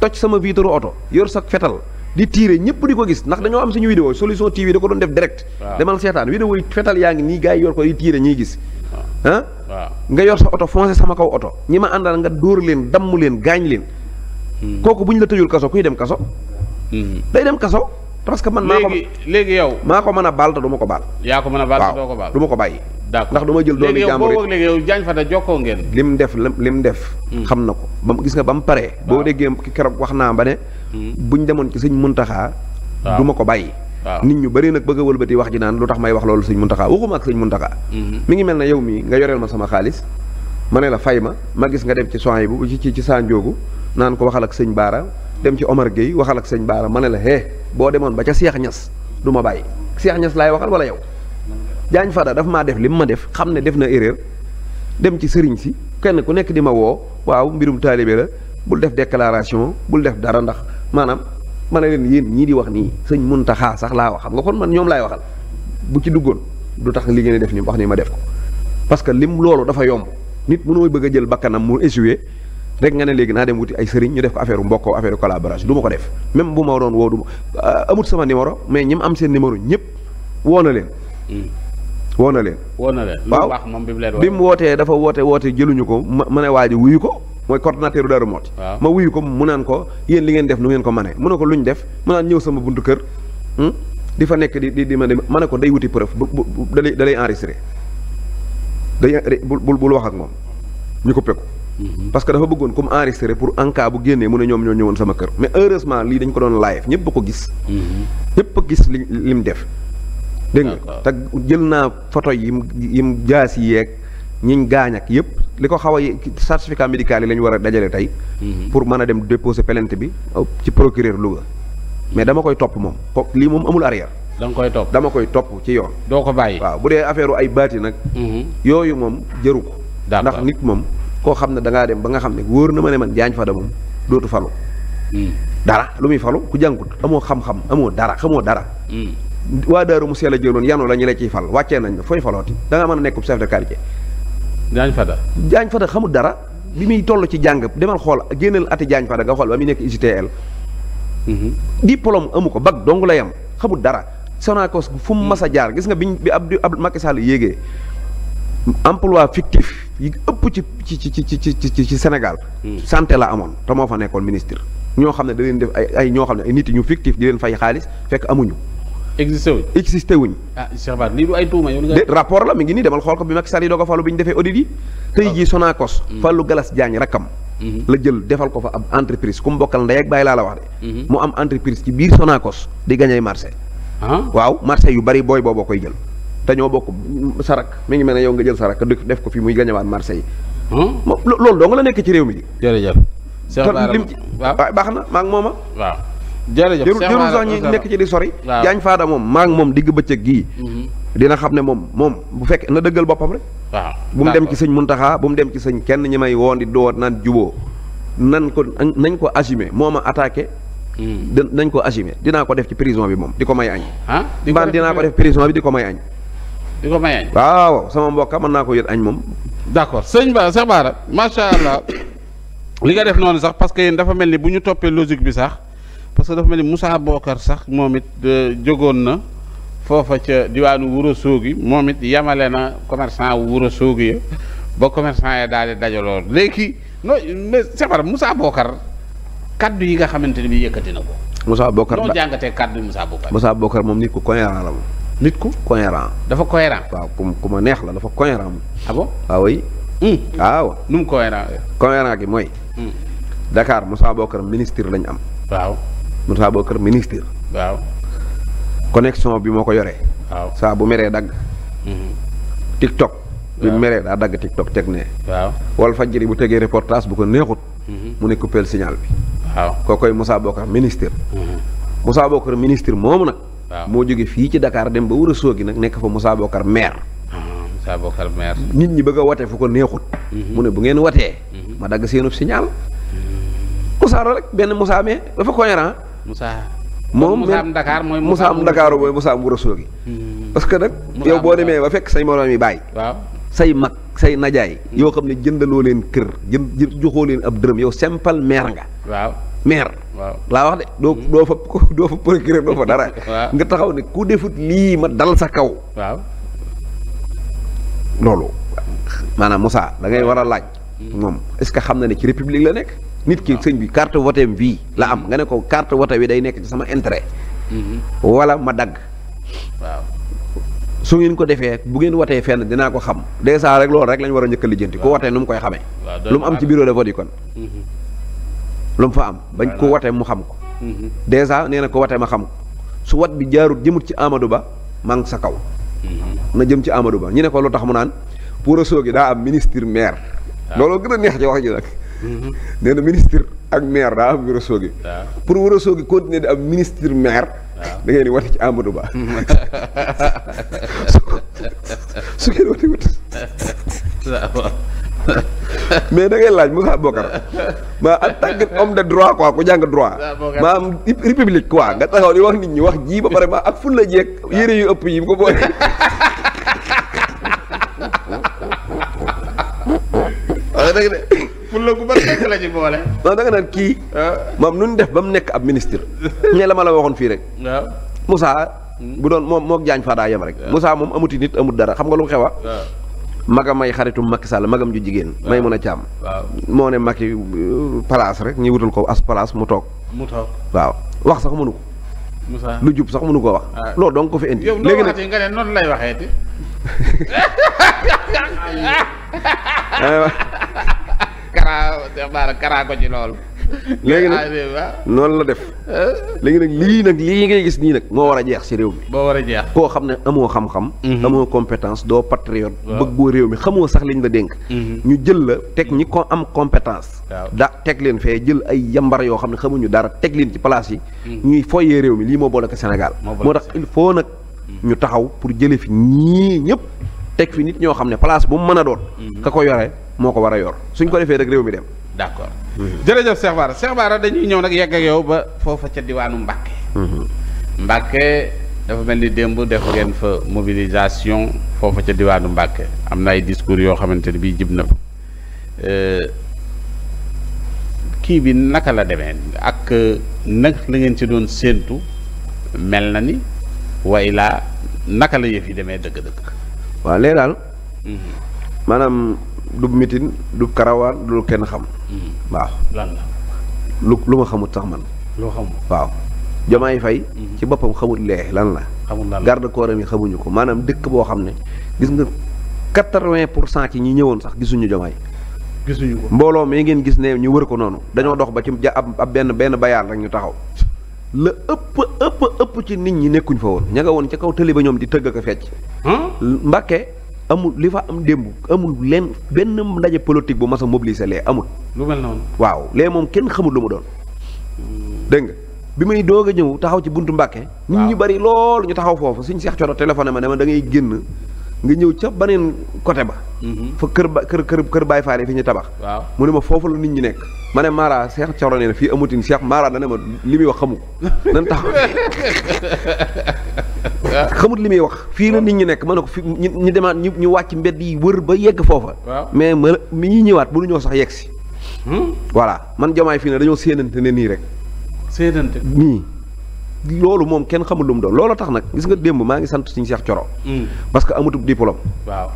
toj sama vitre oto yor sa fetal di tiire ñëpp di ko gis ndax dañoo am suñu vidéo solution TV da ko doon def direct. demal seetaan vidéo yi fetal yaa ngi nii gars yi yor ko di tiire ñuy gis. nga yor sa oto foncé sama kaw oto ñi ma àndal nga dóor leen damm leen gaañ leen. Hmm. kooku bu ñu la tëjul kaso kuy dem kaso. Hmm. day dem kaso. parce que man maa ko léegi yow. maa ko mën a baal te du ko baal. yaa ko mën a baal te ko baal waaw ko bàyyi. d'accord ndax du jël doomi jàmbur yi léegi yow Diagne Fada jokkoo ngeen. lim def lim def. Hmm. xam na ko ba gis nga ba mu paree. boo déggee keroog wax naa ba buñ demoon ci sëñ muntaxaa du ma ko bàyyi nit ñu bari nag bëgg wëlbati wax ji naan lu tax may wax loolu sëñ muntaxaa waxuma ak sëñ muntaxaa mhm. mi ngi mel ne yow mii nga yoreel ma sama xaalis ma ne la fay ma ma gis nga dem ci soxna yi bu ci ci saa njoogu naan ko waxal ak sëñ baara dem ci Omar Gueye waxal ak sëñ baara ma ne la hee boo demoon ba ca Seex Ñas du ma bàyyi Seex Ñas laay waxal wala yow jaañ fada dafa maa def li mu ma def xam ne def na erreur dem ci sëriñ si kenn ku nekk di ma woo waaw mbirum taalibe la bul def déclaration bul def dara ndax maanaam ma ne leen yéen ñii di wax nii sëñ mun taxaa sax laa wax xam nga kon man ñoom laay waxal bu ci duggoon du tax li ngeen def ni wax ni ma def ko parce que lim loolu dafa yomb nit mënoo bëgg a jël bakkanam mu échoué rek nga ne léegi naa dem wuti ay sëriñ ñu def ko affaire mbokkoo affaire collaboration du ko def même bu ma doon woo du ma euh, amut sama numéro mais ñi am seen numéro ñëpp woo na leen. Hmm. woo na leen. woo na leen. waaw bi mu wootee dafa woote woote jëluñu ko ma ma ne waa ji ko. mooy coordonnateur Daaru Mooti ma wuyu ko mu naan ko yéen li ngeen def nu ngeen ko mane mu ne ko ñu def mu naan ñëw sama buntu kër hmm? di fa nekk di di ma dem ma ne ko day wuti preuve bu bu dalay dalay enregistré day bul bul wax ak moom ñu ko peku mhm. parce que dafa bëggoon comme enregistré pour en bu génnee mu ne ñoom ñoo ñëwoon sama kër mais heureusement lii dañ ko doon live ñëpp a ko gis mhm. ñëpp gis li li mu def dégg nga te jël naa photo yi mu yi mu jaas yi yeeg ñiñ gaañ yëpp li ko xaw a certificat médical yi la war a dajale tey. Mhm. pour mën a dem déposer plainte bi oh, ci procureur Louga. mais dama koy topp moom lii moom amul arrière. da nga koy topp dama koy topp ci yoon. doo ko bàyyi waaw bu dee affaire ay baati nag. Mhm. yooyu moom jëru ko. ndax nit moom koo xam ne da dem ba nga xam ne wóor na ma ne man jaañ fa da moom dootu falu. Mhm. dara lu muy falu ku jàngut amoo xam-xam amoo dara xamoo dara. waa Daaru mu seel a jëloon yanu la la ciy fal wàccee nañ la fooy a nekk chef de quartier. Diagne Fada. Diagne Fada xamul dara bi muy toll ci jàng demal xool génneel ati Diagne Fada nga xool ba mu nekk UGTL. Mhm. diplôme amu ko bag dong la yam xamul dara Sonacos fu mu mas a mhm. jaar gis nga biñ bi ab Abdou Macky Sall yéegee emploi fictif yi ëpp ci ci ci ci ci ci Sénégal. Mhm. santé la amoon te moo fa nekkoon ministre. ñoo xam ne da leen def ay ay ñoo xam ne nit ñu fictif di leen fay xaalis fekk amuñu. existé wuñ existé wuñ. ah Cheikh Bara lii du ay rapport la mi ngi nii demal xool ko bi Macky Sall doo ko falu bi ñu defee audit yi. Ah. jii Sonacos. Mm-hmm. Fallou Galas Diagne rakkam. Mm-hmm. la jël defal ko fa ab entreprise ku mu bokkal ndey ak bàyyi laa la wax de. Mm-hmm. mu am entreprise ci biir Sonacos di gagné marché. Ah? waaw marché yu bari booy booboo koy jël. te ñoo bokk sarak mi ngi mel ne yow nga jël sarak def ko fi muy gañewaat marché yi. Ah? moom loolu doo nga la nekk ci réew mi. jërëjëf. Cheikh Bara baax na maa ngi mooma waaw. jërëjëf jërul sax ñi nekk ci di sori jaañ faada moom maa moom digg bëccëg gii mhm. dina xam ne moom moom bu fekk na dëggal boppam waaw bu mu dem ci sëñ muntaxaa bu mu dem ci sëñ kenn ñi may woon di doot naan juboo nan ko nañ ko assumé moo ma attaqué mhm. nañ ko assumé dinaa ko def ci prison bi moom di ko may añ mbaan dinaa ko def bi di ko may añ di ko may sama mbokka mën naa ko yët añ moom d'accord sëñ Ba Cheikh macha allah [coughs] li nga def noonu sax parce que yéen dafa mel ni bu ñu toppee logique bi sax parce que dafa mel ni Moussa Bokar sax moom it euh, jógoon na foofa ca diwaanu Wuro Soogi moom it yamale na commerçant Wuro Soogi ya ba commerçant ya daal di dajaloo léegi non mais safar Bokar kaddu yi nga xamante ni bi yëkkati na ko. Moussa Bokar noo jàngatee kaddu Moussa Bokar. Moussa moom nit ku cohérent la moom. nit ku cohérent. dafa cohérent. waaw ku ku ma neex la dafa cohérent moom. ah waaw ah oui. waaw. Hmm. Ah nu mu cohérent. cohérent gi mooy. Hmm. Dakar Moussa Bokar ministir lañu am. waaw. Moussa Bokar ministre. waaw connexion bi moo ko yore. saa bu meree dagg. Mhm. TikTok. bi meree daa dagg TikTok teg ne. waaw Walfadjri bu tegee reportage bu ko neexut. Mhm. mu ne coupé signal bi. waaw kookoy Moussa Bokar ministre. Mhm. Moussa Bokar ministre moomu nag. moo jóge fii ci dakaar dem ba wër a soogi nag nekk fa Moussa Bokar maire. Moussa Bokar maire. nit ñi bëgg a wote fu ko neexut. mu ne bu ngeen watee. ma dagg seenub signal. Moussa rek benn Moussa mais dafa cohérent moom moom Dakar mooy Moussa am Dakar mooy Moussa am Rasul hmm. parce que nag yow boo demee ba fekk sañ moroom yi baay waaw say mag say najaay hmm. yoo xam ne jëndaloo leen kër jënd joxoo leen ab dërëm yow simple maire nga waaw maire waaw laa wax de doo hmm. doo fa doo fa procureur doo fa dara [laughs] nga taxaw ne ku defut lii ma dal sa kaw waaw loolu maanaam musaa da ngay war a laaj moom est xam na ne ci république la nekk nit ki sëñ bi carte voté bii la am nga ne ko carte voté bi day nekk ci sama intérêt. Mhm. wala ma dagg. su ngeen ko defee bu ngeen watee fenn dinaa ko xam dèjà rek loolu rek lañu war a njëkk a lijjanti ku watee nu mu koy xamee. lu mu am ci bureau de vote yi mhm. mu fa am bañ ko watee mu xam ko. Mhm. dèjà nee na ko watee ma xam ko su wat bi jaarut jëmut ci Amadou Ba man sa kaw. na jëm ci amado Ba ñu ne ko lu tax mu naan pour a soogi daa am ministre maire. Ah. looloo gën a neex ci wax ji nag. Mm-hmm. nee na ministre ak maire daa am Ouro Sogui pour Ouro Sogui continuer di am ministre maire da ngeen di wate ci Amadou Ba mm. [laughs] [laughs] mais da ngay laaj Moussa Bokar maa en tant que homme de droit quoi ku jàng droit maa am république quoi nga taxaw di wax nit ñi wax ji ba pare maa ak ful la jeeg yére yu ëpp yi bu ko boole [laughs] fulla gu bari la ci boole. non da nga kii. Ah. moom nu ñu def ba mu nekk ab ministre. ñe la ma la waxoon fii rek. waaw Moussa. bu doon moom moog Diagne Fada yem rek. Ah. musaa moom amuti nit amut dara xam nga lu xewa ah. maga may xaritum Macky Sall magam ju jigéen. may mën a càmm. moo ne Macky euh, place rek ñu wutal ko as place mu toog. mu toog waaw wax sax mënu ko. lu jub sax mënu koo wax. loolu donc ko fi indi. léegi nag nga ne noonu lay waxeeti. [laughs] [laughs] [laughs] karaa karaa ko ci loolu. léegi nag noonu la def eh? léegi nag lii nag lii ngay gis nii nag moo war a jeex si réew mi. moo war a jeex koo xam ne amoo xam-xam. Mhm. amoo compétence doo patriote. bëggoo réew mi xamoo sax lañ la dénk. Mhm. ñu jël la teg ñi ko am compétence. da teg leen fee jël ay yambar yoo xam ne xamuñu dara teg leen ci place yi. Mhm. ñuy foyee réew mi lii moo boole ko Sénégal. moo tax il faut nag ñu taxaw pour jëlee fi ñii ñëpp teg fi nit ñoo xam ne place bu mu mën a doon. ka ko yore. moo ko war a yor suñ ko defee rek réew mi dem. d' accord jërëjëf Cheikh Bara Cheikh Bara dañuy ñëw nag yegg ak yow ba foofa ca diwaanu Mbacke. Mhm. Mbacke dafa mel ni démb def ngeen fa mobilisation foofa ca diwaanu Mbacke am na ay discours yoo xamante ne bii jib na fa euh, kii bi naka la demee ak nag la ngeen ci doon séentu mel na ni waylaa naka la yëf yi demee dëgg-dëgg. waaw léegi daal. Mhm. maanaam. du mitin du karawaan lu kenn xam. Hmm. waaw la. lu lu ma xamut sax man. loo xam waaw. Jomaay Fay. Hmm. ci boppam xamut lee lan la. xamul lan la garde corps yi xamuñu ko maanaam dëkk boo xam ne gis nga quatre-vingt pour cent ci ñi ñëwoon sax gisuñu Jomaay. gisuñu ko mbooloo mi ngeen gis ne ñu wër ko noonu dañoo dox ba ci ja ab benn benn bayaan rek ñu taxaw. la ëpp ëpp ëpp ci nit ñi nekkuñ fa woon ña nga woon ci kaw tëli ba ñoom di tëgg ko fecc. Hmm? Mbàkke amul li fa am démb amul leen benn ndaje politique bu mas a mobiliser lee amul. lu mel noonu. waaw lee moom kenn xamul lu mu doon. dégg nga bi may doog a ñëw taxaw ci buntu Mbàkke. nit ñu bari loolu ñu taxaw foofu suñ seex coro téléphone ma ne ma da ngay génn nga ñëw ca beneen côté ba. Mhm. fa kër ba kër kër kër Baye Fall fi ñu tabax. waaw mu ne ma foofu la nit ñi nekk. ma ne Mara seex coro nee na fii amutin seex Mara dana ne ma li muy wax xamu ko [laughs] nan taxaw. [laughs] Ah. xamut li muy wax fii la ah. nit ñi nekk ma ne ko fi ñu demaat ñu ñu wàcc mbedd yi wër ba yegg foofa mais ma mi ñuy ñëwaat bu ñoo sax yegg si hmm? voilà man jomaay fii ne dañoo séenante ne nii rek séenante nii loolu moom kenn xamul lu mu doon loolu tax nag gis nga démb maa ngi sant suñu Cheikh Thioro parce que amatub diplôme waaw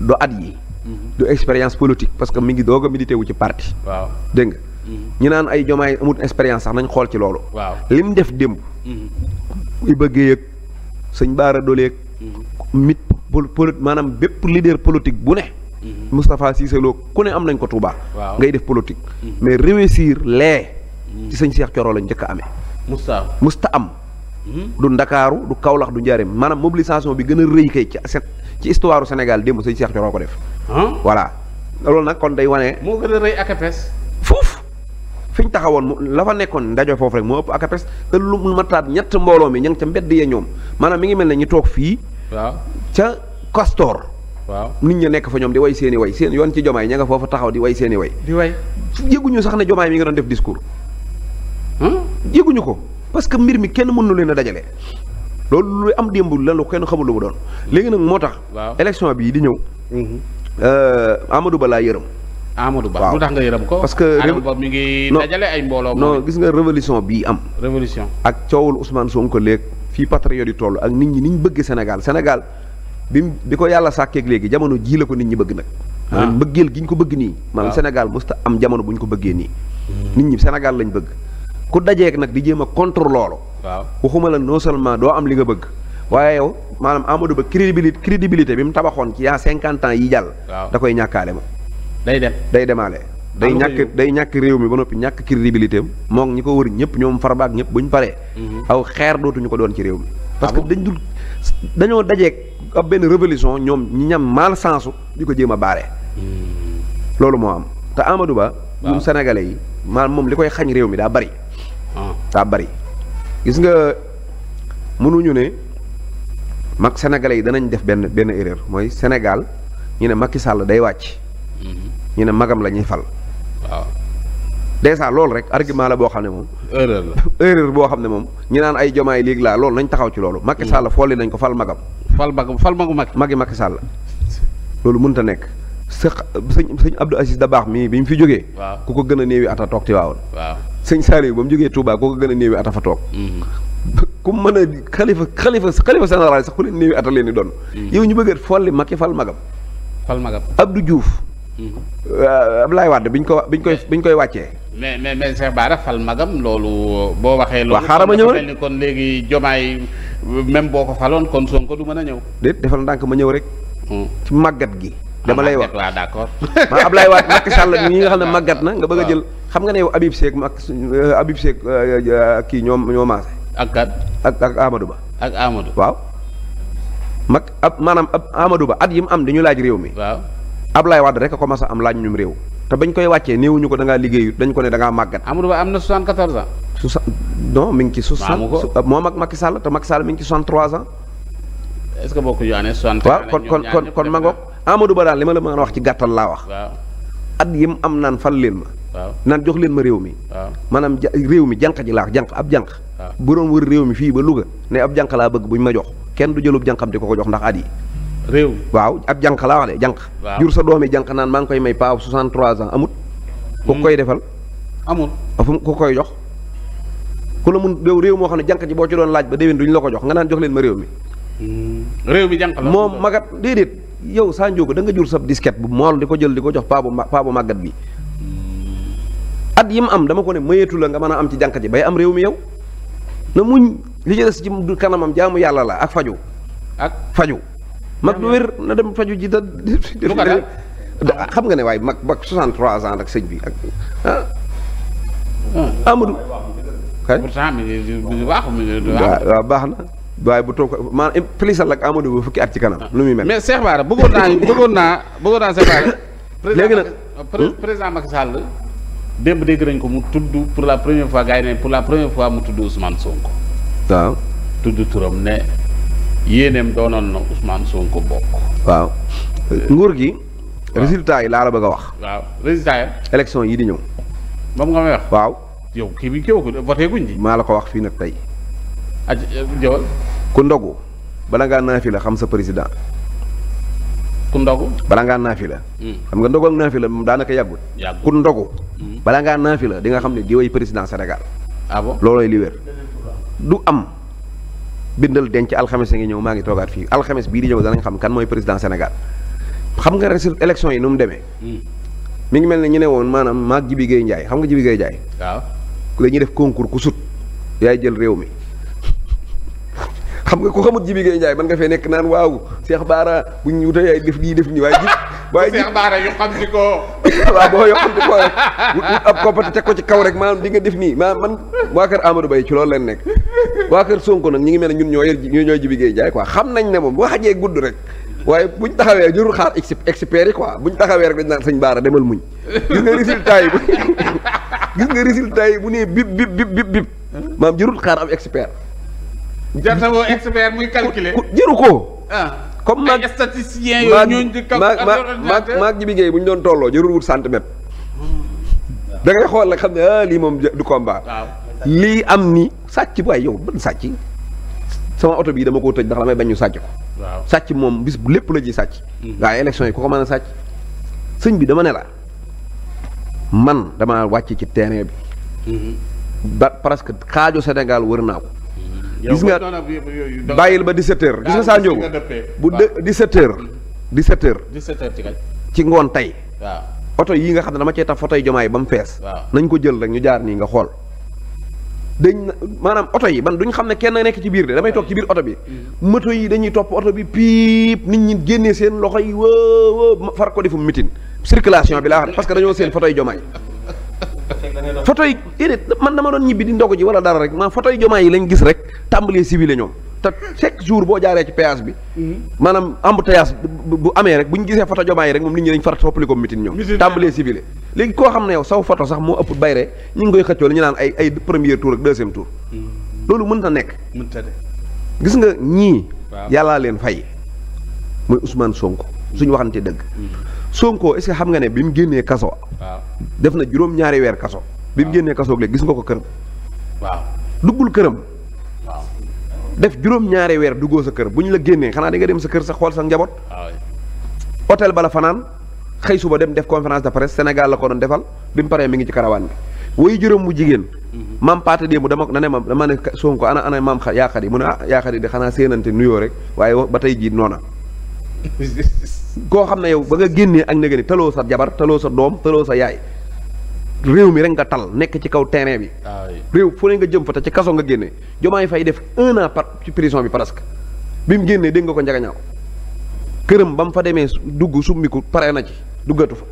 du at yi hmm. du expérience politique parce que mi ngi doog a milité wu ci parti waaw dégg nga hmm. ñu naan ay jomaay amut expérience sax nañ xool ci loolu waaw li mu def démb muy bëggee yëg sëñ Baara Doleeg. mit poli maanaam bépp leader politique bu ne. Mhm. Moustapha Cissé Lo ku ne am nañ ko Touba. ngay def politique. Mhm. mais réussir lee. Mhm. ci sëñ Cheikh Coro lañ njëkk a amee. musta musta am. du ndakaaru du Kaolack du Njaareem maanaam mobilisation bi gën a rëy kay ci ci histoire Sénégal démb sëñ seex Coro ko def. voilà loolu nag kon day wane. a rëy fi ñu taxawoon la fa nekkoon ndaje foofu rek moo ëpp ak apes te lu ma taat ñett mbooloo mi ña ngi ca mbedd ya ñoom maanaam mi ngi mel ne ñu toog fii. waaw ca Castor. waaw nit ña nekk fa ñoom di way seeni i way seen yoon ci jomaay ña nga foofu taxaw di way seeni i way. di way yëguñu sax ne jomaay mi nga doon def discours. Hmm? yëguñu ko parce que mbir mi kenn mënu leen a dajale. loolu lu am démb la lu kenn xamul lu mu doon. léegi nag moo tax. élection bii di ñëw. Mhm. Euh, Amadou balaa yërëm. Amadou Ba waaw lu tax nga ko. parce que Amadou Ba mi ngi dajale ay mbooloo. non gis nga révolution bii am. révolution ak coowul Ousmane ko léeg fii patriote yi toll ak nit ñi ni ñu bëggee Sénégal Sénégal bi mu bi ko yàlla sàkkeeg léegi jamono jii la ko nit ñi bëgg nag. Ah. maanaam mbëggeel gi ko bëgg nii. maanaam ah. Sénégal musta am jamono bu ñu ko bëggee nii. Hmm. nit ñi Sénégal lañu bëgg. ku dajeek nag di jéem a contre loolu. waaw waxuma la non seulement doo am li nga bëgg. waaye yow maanaam Amadou Ba crédibilité crédibilité bi mu tabaxoon ci yaa cinquante ans yi jàll. da koy ñàkkaale moom day dem day demaale. day ñàkk day ñàkk réew mi ba noppi ñàkk crédibilité am moom ñi ko wër ñëpp ñoom farbaak ñëpp bu ñu paree. Mhm. aw xeer dootuñu ko doon ci réew mi. parce que ah dañ dul dañoo dajeeg ab benn révolution ñoom ñi ñam mal sensu di ko jéem a baare. Mhm. loolu moo am te Amadou Ba. sénégalais yi maanaam moom li koy xañ réew mi daa bari. Ah. daa bari gis nga mënuñu ne mag sénégalais yi danañ def benn benn erreur mooy Sénégal ñu ne Macky Sall day wàcc. Mm-hmm. ñu ne magam la ñuy fal. waaw dèjà loolu rek argument la boo xam ne moom. erreur [laughs] boo xam ne moom ñu naan ay jomaay léegi laa loolu nañ taxaw ci loolu. Mm-hmm. mag Sall folli nañ ko fal magam. fal magam fal magu Macky. magi Macky Sall loolu mënut a nekk. sëq sëñ sëñ Abdou Aziz da baax mii bi mu fi jógee. waaw ku ko gën a néewi ata toog Tiwaawan. waaw sëñ Saliou ba jógee Touba gën a néewi ata fa toog. Mm-hmm. [laughs] mën a xalifa xalifa xalifa général sax ku leen néewi ata leen di doon. yow ñu bëgg a folli fal magam. fal magam Abdou Diouf. Euh, Abdoulaye Wade biñ ko biñ koy biñ koy wàccee. mais mais mais Cheikh Bara fal magam loolu boo waxee. loolu xaaral ma ñëw rek kon léegi jomaay même boo ko faloon kon Sonko du mën a ñëw. déet defal ndànk ma ñëw rek. Hmm. ci màggat gi. dama ah, lay wax [laughs] waaw d'accord ma Abdoulaye Wade Macky Sall ñi nga xam ne màggat na nga bëgg a jël xam nga ne yow Habib Seck ak euh, Habib Seck euh, kii ñoom ñoo maase. ak ak ak Amadou Ba. ak Amadou waaw. mag ab maanaam ab Amadou Ba at yi mu am dañu laaj réew mi waaw. Ablaye Wade rek a commencé am laaj ñum réew te bañ koy wàccee néewuñu ko da ngaa liggéeyu dañ ko ne da ngaa màggat. Amadou Ba am na 74 ans. soixan non mi ngi ci. maamu ko soixante moom ak Macky Sall te Macky Sall ngi ci 63 ans. est ce que bokk ñu année 63 waaw kon kon kon kon ma ngoog Ba daal li ma la mën a wax ci gàttal laa wax. at yim am naan fal leen ma. naan jox leen ma réew mi. waaw maanaam ja réew mi jànq ji laa jànq ab jànq. waaw bu wër réew mi fii ba Louga ne ab jànq laa bëgg buñ ma jox kenn du jëlub jànqam di ko ko jox ndax at yi réew waaw ab jànq laa wax de jànq jur sa doomi jànq naan maa ngi koy may paaw 63 ans amut ku hmm. koy defal amul ah, fu ku koy jox ku la mun yow réew moo xam ne jànq ji boo ci laaj ba déwén duñ la ko jox naan jox leen ma mi hmm. réew mi jànq la moom magat déedéet yow saa njóogo da nga jur sab disket bu mool di ko jël di ko jox paabu paabu màggat bi hmm. at yi mu am dama ko mayeetu la nga mën a am ci jànq ji bay am réew mi yow na muñ li ci des ci kanamam jaamu yàlla la ak faju ak faju mag du wér na dem faju ji [laughs] da xam nga ne waaye mag mag 63 ans ak sëñ bi ak ah. Hmm. Amadou. pourtant mi ngi baax waaw baax na. waaye bu toog maanaam plisal ak Amadou ba fukki at ci kanam. lu muy mel mais Cheikh Bara bëggoon naa bëggoon naa bëggoon naa Cheikh Bara. [laughs] léegi nag hmm? président Macky Sall. démb dégg nañ ko mu tudd pour la première fois gars yi ne pour la première fois mu tudd Ousmane Sonko. waaw tudd turam ne. yéeneem doonoon na Ousmane Sonko bokk. waaw eh. nguur gi. résultat yi laa la bëgg a wax. waaw résultat yi. yi di ñëw. waaw yow kii bi kii ko voté guñ maa la ko wax fii nag tey. ah eh, jëwal ku ndogu bala ngaa naafi la xam sa président. ku ndogu. bala ngaa la. Hmm. xam nga ndogu ak naafi la moom daanaka yàggul. yàggul ku ndogu. Hmm. bala ngaa naafi la di nga xam ne di way président Sénégal. Ah loolooy li wér. du am. bindal denc alxames a ngi ñëw maa ngi toogaat fii alxames bii di ñëw danañ xam kan mooy président Sénégal xam nga résultat élection yi nu mu demee. Hmm. mi ngi mel ne ñu ne woon maanaam maag Jibi Gueye Ndiaye xam nga Jibi Gueye Ndiaye. waaw ku la ñuy def concours ku sut. yaay jël réew mi. xam nga ku xamut Jibi Gueye Ndiaye man nga fee nekk naan waaw Cheikh Baara bu ñu wutee ay def lii def nii waaye ji. waaye ji Cheikh Baara yoxamti ko. [laughs] waaw boo yoxamti ko rek wut ab koppati teg ko ci kaw rek maanaam di nga def nii maanaam man waa kër Amadou Baye ci loolu leen nekk. waa kër Sonko nag ñi ngi mel ne ñun ñoo yor ñoo ñooy Jibi Gueye Ndiaye xam nañ ne moom boo xajee gudd rek. waaye buñ taxawee jurul xaar ex expert yi quoi buñ taxawee rek dañ naan sëñ Baara demal muñ gis nga résultat yi bu [laughs] nga résultat yi bu nee bip bip bip bip maanaam xaar am expert Ndiathawoo expert muy calculer. jëru ko. Ah. comme maag ay statisticiens yooyu ñooñu di. maag maag Jibi Gueye bu ñu doon tolloo jërul wut centimètre. da ngay xool nag xam ne ah lii moom du combat. lii am ni sàcc waaye yow ban sàcc. sama oto bi dama koo tëj ndax damay bañ ñu sàcc ko. sàcc moom bis bu lépp la ji sàcc. waaye mhm. élection yi ku ko man a sàcc. sëñ bi dama ne la man damaa wàcc ci terrain bi. Mhm. ba presque xaaju Sénégal wër naa ko. gis nga bàyyil ba 17h gis nga saa njóogu bu dé 17h 17h 17h ci kañ ci ngoon tey oto yi nga xam ne dama cee taf foto yi jomaay ba mu fees nañ ko jël rek ñu jaar nii nga xool dañ maanaam oto yi ban duñ xam ne kenn nekk ci biir de damay toog ci biir oto bi mm-hmm. moto yi dañuy topp oto bi piip nit ñi génnee seen loxo yi wë wë far ko defum mitin circulation bi laa xam parce que dañoo seen foto yi jomaay photo yi déedéet man dama doon ñibbi di ndogu ji wala dara rek maa photo yi jomaay yi lañ gis rek tàmbalee civilé ñoom te chaque jour boo jaaree ci péage bi mhm. maanaam embouteillage bu amee rek bu ñu gisee photo jomaay yi rek moom nit ñi dañ far soppali ko mitin ñoom tàmbalee civilé léegi koo xam ne yow saw photo sax moo ëpp bayre ñu ngi koy xëccoo la ñu naan ay ay premier tour ak deuxième tour mhm. loolu mën na nekk gis nga ñii yàllaa leen fay mooy Ousmane Sonko mhm. suñu waxante dëgg Sonko est xam nga ne bi mu génnee kaso. waaw def na juróom-ñaari weer kaso. bi mu génnee kaso léegi gis nga ko këram. waaw duggul këram. def juróom-ñaari weer duggoo sa kër bu ñu la génnee xanaa di nga dem sa kër sa xool sa njaboot. hôtel bala fanaan xëy suba dem def conférence de presse Sénégal la ko doon defal bi mu paree mi ngi ci karawaan bi. woy juróom mu jigéen. Mm-hmm. maam Paate démb dama na ne ma dama ne Sonko ana ana maam xa yi mu ne ah yaakaar yi de xanaa séenante nuyoo rek waaye ba tey jii noona [laughs] koo xam ne yow ba nga génnee ak négé ni taloo sa jabar taloo sa doom taloo sa yaay réew mi rek nga tal nekk ci kaw terrain bi réew fu ne nga jëm fa te ci kaso nga jomaa jomaay fay def un an par ci prison bi presque bi mu génnee dégg nga ko njagañaaw këram ba mu fa demee dugg summiku pare na ci duggatu fa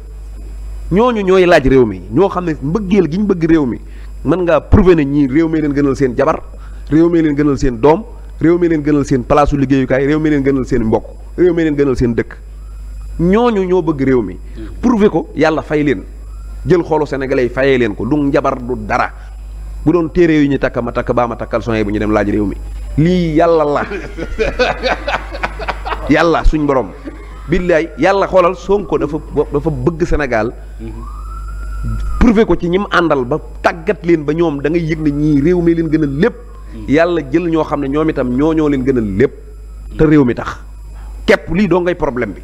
ñooñu ñooy laaj réew mi ñoo xam ne mbëggeel gi ñu bëgg réew mi mën ngaa prouver ne ñii réew mi leen gënal seen jabar réew mi leen gënal seen doom réew mi leen gënal seen liggéeyukaay réew mi leen gënal seen mbokk réew leen gënal seen dëkk ñooñu ñoo bëgg réew mi prouvé ko yàlla fay leen jël xoolu sénégalais yi fayee leen ko du njabar du dara bu doon téere yu ñu takk ma takk baa ma takkal soye bu ñu dem laaj réew mi lii yàlla la [laughs] yàlla borom billaay yàlla xoolal Sonko dafa dafa bëgg Sénégal prouvé ko ci ñi mu àndal ba tàggat leen ba ñoom dangay ngay yëg ne ñii réew mi leen gën a lépp yàlla jël ñoo xam ne ñoom itam ñoo ñoo leen gën a lépp te réew mi tax képp lii doo ngay problème bi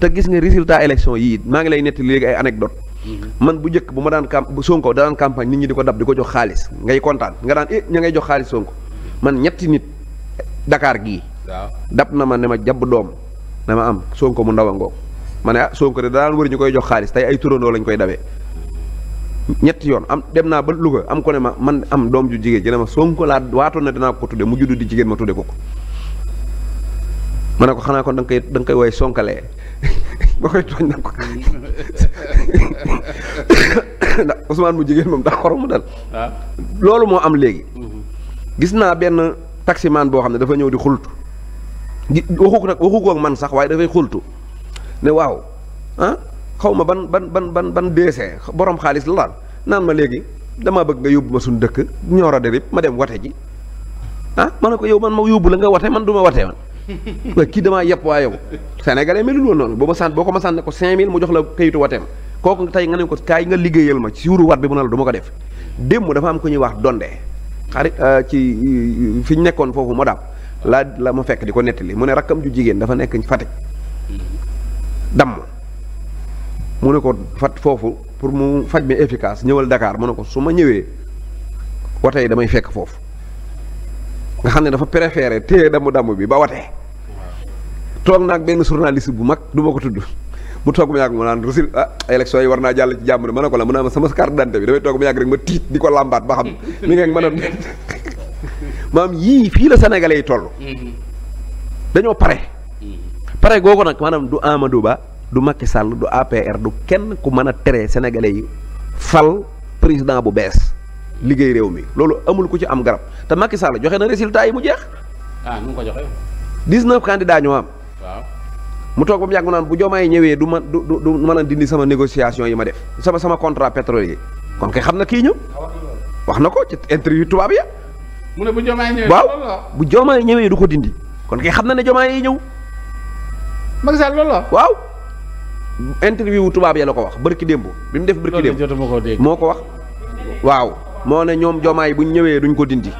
te gis nga résultat élection yii maa ngi lay nettali léegi ay anecdote mhm. man bu njëkk bu ma daan camp Sonko da daan campagne nit ñi di ko dab di ko jox xaalis ngay kontaan nga daan eh ña ngay jox xaalis Sonko man ñetti nit Dakar gii. dab na ma ne ma jàpp doom ne am Sonko mu ndaw a ngoog ma ne ah Sonko de daan wër ñu koy jox xaalis tey ay turandoo lañ koy dabee. ñetti yoon am dem naa ba Louga am ko ne ma man am doom ju jigéen ji ma Sonko laa waatoon na dinaa ko tudde mu juddu di jigéen ma tudde ko ko ma ne ko xanaa kon da nga koy da nga koy [laughs] ba koy tooñ nag ko [coughs] ndax Ousmane mu jigéen moom daa xorom mu dal ah. loolu moo am léegi mhm. gis naa benn taximaan boo xam ne dafa ñëw di xultu gi waxu ko nag waxu ko man sax waaye dafay xultu ne waaw ah xaw ma ban ban ban ban ban deesee borom xaalis la daal naan ma léegi damaa bëgg nga yóbbu ma suñu dëkk ñoora derib ma dem wate ji ah ma ne ko yow man ma yóbbu la nga wate man du ma wate man waaye kii damaa yepp waa yow sénégalais melul woon noonu boo ma saan boo ko ma saan ko cin mil mu jox la kayitu wateem kooku tey nga ne ko kaay nga liggéeyal ma ci suuru wat bi mu ne ma ko def démb dafa am ku ñuy wax donde euh, ci euh, fi ñu nekkoon foofu moo daal laa la ma fekk di ko nettali mu ne rakkam ju jigéen dafa nekk Fatick damm mu ne ko fat foofu pour mu faj mi efficace ñëwal dakaar mu ne ko su ma ñëwee wate damay fekk foofu nga xam ne dafa préféré téye damu damu bi ba watee toog naag benn journaliste bu mag du ma ko tudd mu toog mu yàgg mu naan résultat ah élection yi war naa jàll ci jàmm ne ma a ko la mu naan sama carte d'identité bi damay toog mu yàgg rek ma tiit di ko làmbaat ba xam mi [laughs] ngeen mën a maam yii fii la sénégalais yi toll mm-hmm. dañoo pare mm-hmm. pare googu nag maanaam du Amadou Ba du Macky Sall du APR du kenn ku mën a tere sénégalais yi fal président bu bees liggéey réew mi loolu amul ku ci am garab te Macky Sall joxe na résultat yi mu jeex. ah nu mu ko joxe. 19 candidats ñoo am. waaw mu toog ba mu yàgg mu naan bu Diomaye ñëwee du ma du du du mën a dindi sama négociation yi ma def sama sama contrat pétrolier kon kay xam na kiy ñëw. wax na ko ci interview tubaab ya. mu ne bu Diomaye ñëwee waaw bu Diomaye ñëwee du ko dindi kon kay xam na ne Diomaye yi ñëw. Macky Sall loolu la waaw. interview tubaab ya la ko wax bërki démb bi mu def bërki démb moo ko wax waaw moo ne ñoom jomaay bu ñu ñëwee duñu ko dindi.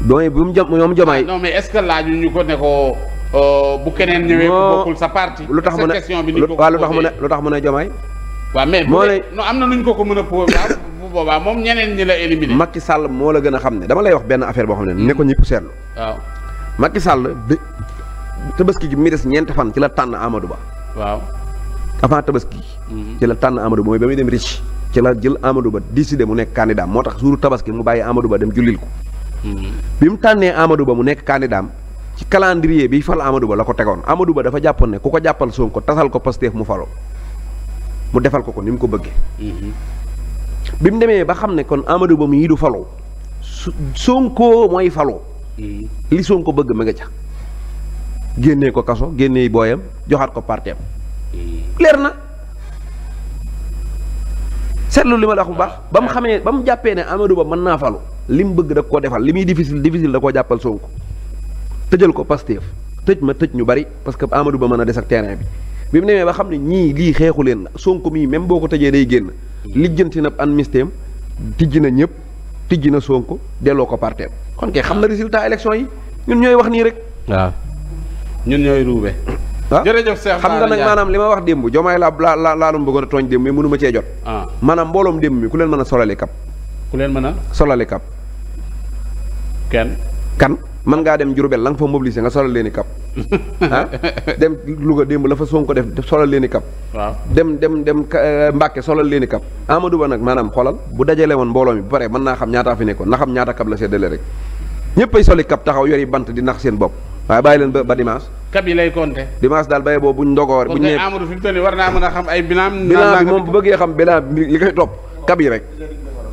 donc bu mu jom ñoom jomaay. non mais est-ce que laaju ñu ko ne ko euh, bu keneen ñëwee. bu lu tax mu ne question bi ni ko. waaw lu tax mu ne lu tax mu ne jomaay. waaw mais moo ne non am na nuñ ko ko mën a po bu boobaa moom ñeneen ñi la éliminé. Macky Sall moo la gën a xam ne dama lay wax benn affaire boo xam ne ne ko ñëpp seetlu. waaw Macky Sall bi tabaski gi mi des ñeent fan ci la tànn Amadou Ba. waaw avant tabaski. Mm-hmm. ci la tànn Amadou Ba mooy ba muy dem Ricci. ci la jël Amadou Ba décidé mu nekk candidat moo tax suuru tabaski mu bàyyi Amadou Ba dem jullil ko. Mm-hmm. bi mu tànnee Amadou Ba mu nekk candidat ci calendrier bi fal Amadou Ba la ko tegoon amadu Ba dafa jàppoon ne ku ko jàppal Sonko tasal ko Pastef mu falo mu defal ko ko ni mu ko bëggee. Mm-hmm. bi mu demee ba xam ne kon Amadou Ba mu yi du faloo su Sonko mooy faloo. Mm-hmm. li Sonko bëgg ma ngi ca. génnee ko kaso génnee booyam joxaat ko parteem leer na. seetlu li ma la wax bu baax ba mu xamee ba mu jàppee ne Amadou Ba mën naa falu li mu bëgg da koo defal li muy difficile difficile da koo jàppal Sonko tëjal ko Pastef tëj ma tëj ñu bari parce que Amadou Ba mën a des ak terrain bi bi mu demee ba xam ne ñii lii xeexu leen sonk mii même boo ko tëjee day génn lijjanti na amnistie tijji na ñëpp tijji na sonk delloo ko parteem kon kay xam na résultat élection yi ñun ñooy wax nii rek waaw ñun ñooy ruube Ah? jërëjëf Cheikh xam nga nag maanaam li ma wax démb jomaay laa la la laalum bëggoon a tooñ démb mi mënu ma cee jot ah. maanaam mbooloom démb mi ku leen mën a solali kap ku leen mën a solali kap kenn kan mën ngaa dem Jurbel la nga fa mobiliser nga solal leen i kap [laughs] ah dem Louga démb la fa Sonko def solal leen i kap waaw dem dem dem eh, Mbàkke solal leen i kap Amadou Ba nag maanaam xoolal bu dajale woon mbooloo mi bu pare mën naa xam ñaataa fi nekkoon na xam ñaata kap la seddale rek ñëpp ay soli kap taxaw yor yi bant di nax seen bopp waaye bàyyi leen ba ba dimanche. kab yi lay compter. dimanche daal béy boobu buñ ndogoor. buñ nee Amadou fi mu naa mën a xam ay bilan. bilan bi moom bu bëggee xam bilan bi li koy topp yi rek.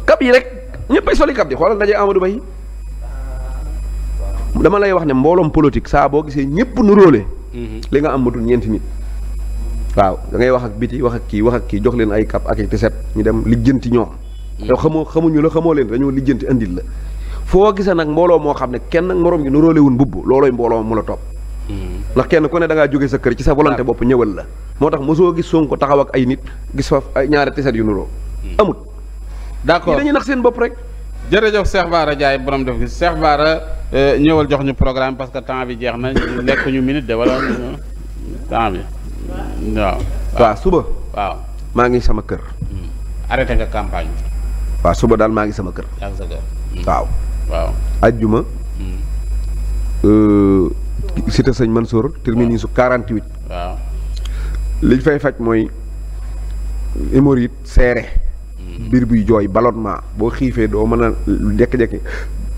kab yi rek ñëppay soli kab di xoolal ndaje Amadou Ba lay wax ne mbooloom politique saa boo gisee ñëpp nu róole mhm. li nga am matul ñeenti nit. waaw da ngay wax ak biti wax ak kii wax ak kii jox leen ay kap ak ay tiset ñu dem lijjanti ñoom. Mhm. yow xamoo xamuñu la xamoo leen dañoo lijjanti indil la. foo gisee nag mbooloo moo xam ne kenn morom gi nuróole wun mbubb loolooy mbooloo mu la topp hmm. ndax kenn ko ne da jóge sa kër ci sa volonté bopp ñëwal la moo tax mosoo gis Sonko taxaw ak ay nit gis fa ay ñaari tiset yu nuroo hmm. amut d'accord dañuy nax seen bopp rek jërëjëf Cheikh Bara Ndiaye borom def gis Cheikh Bara eh, ñëwal jox ñu programme parce que temps bi jeex na nekk ñu minute de wala temps bi waaw waaw suba waaw maa ngi sama kër hmm. arrêté nga campagne waaw suba daal maa ngi sama kër waaw waaw ajjuma hmm. euh, cité sëñ Mansour termini su 48. waaw liñ fay faj mooy hémorroïde seere hmm. biir buy jooy ballonnement boo xiifee doo mën a jekki-jekki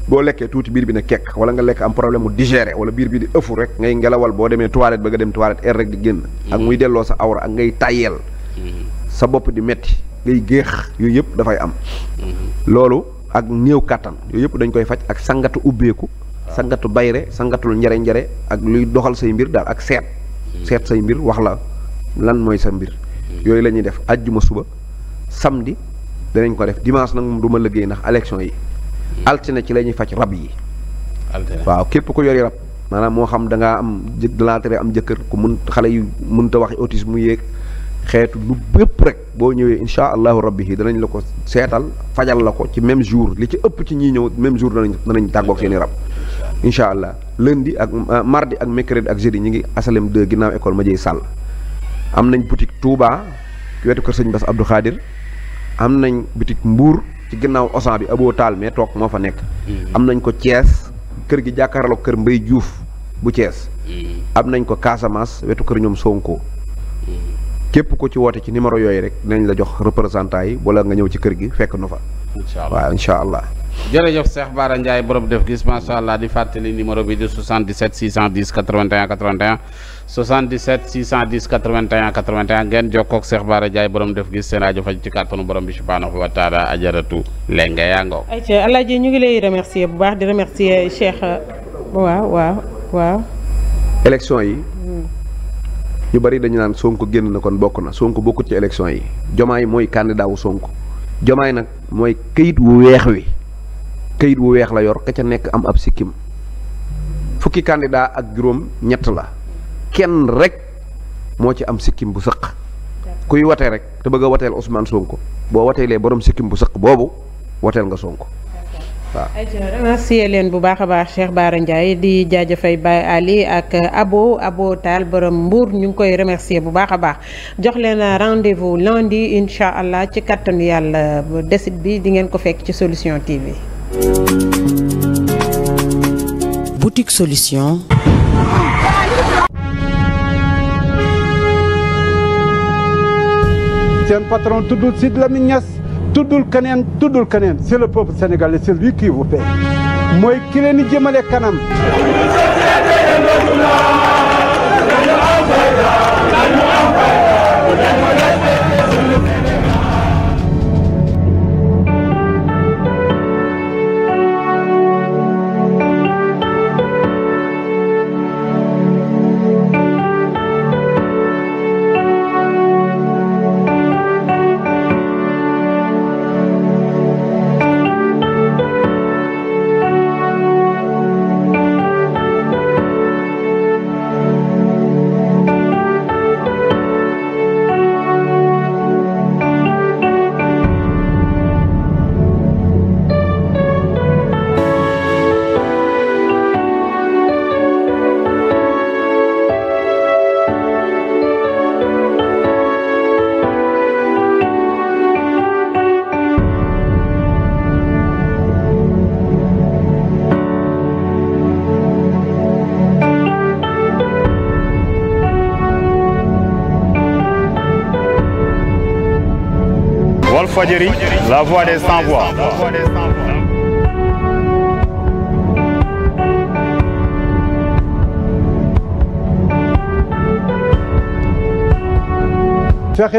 boo lekkee tuuti biir bi ne kekk wala nga lekk am problème mu digérer wala biir bi di ëfu rek ngay ngelawal boo demee toilette ba nga dem toilette air rek gi génn ak hmm. muy delloo sa awra ak ngay tàyyeel sa bopp di metti ngay géex yooyu yëpp dafay am loolu ak néew kàttan yooyu yëpp dañ koy faj ak sangatu ubbeeku sangatu bayre sangatul njare njare ak luy doxal say mbir daal ak seet hmm. seet say mbir wax la lan mooy sa mbir hmm. yooyu lañuy def ajjuma suba samedi danañ ko def dimanche nag moom du liggéey ndax élection yi hmm. altine ci lañuy ñuy faj rab yi waaw képp ko yori rab maanaam moo xam da am jë dalaa am jëkkër ko mun xale yu mënta wax mu yéeg xeetu lu bépp rek boo ñëwee incha allahu rabbi danañ la ko seetal fajal la ko ci même jour li ci ëpp ci ñuy ñëw même jour danañ danañ tàggoog seen i rab incha allah lëndi ak euh, mardi ak mercredi ak jeudi ñi ngi asalem 2 ginnaaw école ma jëy sàll am nañ boutique Touba ci wetu kër sëñ Bass Abdou am nañ boutique mbuur ci ginnaaw osan bi aboo taal mais toog moo fa nekk mm-hmm. am nañ ko Thiès kër gi jàkkaarloo kër Mbay Juuf bu Thiès mm-hmm. am nañ ko Casamance wetu kër ñoom Sonko képp ku ci woote ci numéro yooyu rek dinañ la jox représentant yi wala nga ñëw ci kër gi fekk nu fa. waaw incha allah. jërëjëf Cheikh Bara Ndiaye borom def def gis seen rajo faj ci kàttanu borom bi subhaanahu wa taala ajaratu lenge yaa ngoo. ayca Alaaji ñu ngi lay remercier bu baax di remercier Cheikh waaw waaw waaw. élection yi. Hmm. ñu bari dañu naan Sonko génn na kon bokk na Sonko bokkut ci élection yi jomaay mooy candidat wu Sonko jomaay nag mooy kayit wu weex wi kayit wu weex la yor ka ca nekk am ab sikkim fukki candidat ak juróom ñett la kenn rek moo ci am sikkim bu sëq kuy wate rek te bëgg a wateel Ousmane Sonko boo wateelee borom sikkim bu sëq boobu wateel nga Sonko waaw remercier leen bu baax a baax Cheikh Bara Ndiaye di jaajëfay Baye Ali ak Abo Abo borom Mbour ñu ngi koy remercier bu baax a baax jox leen rendez-vous lundi ci kattanu yàlla desit bi di ngeen ko fekk ci Solution TV. boutique Solution. tu tuddul keneen tuddul keneen c'est le peuple sénégalais c'est lui qui vous paie mooy ki leen di jëmale kanam Walfadjri des sans voix.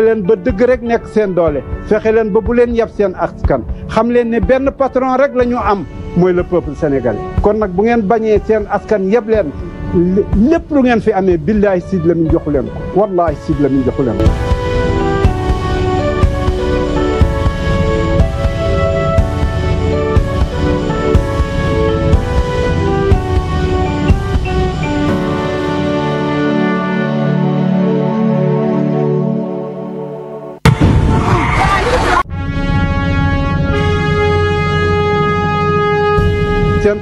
leen ba dëgg rek nekk seen doole fexe leen ba bu leen yab seen askan xam leen ne benn patron rek la am mooy le peuple sénégal kon nag bu ngeen bañee seen askan yëpp leen lépp lu ngeen fi amee billahi Sidy Lamine joxu joxuleen ko wallahi Sidy Lamine joxu leen ko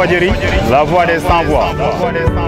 Walfadjri, la voix des sans-voix.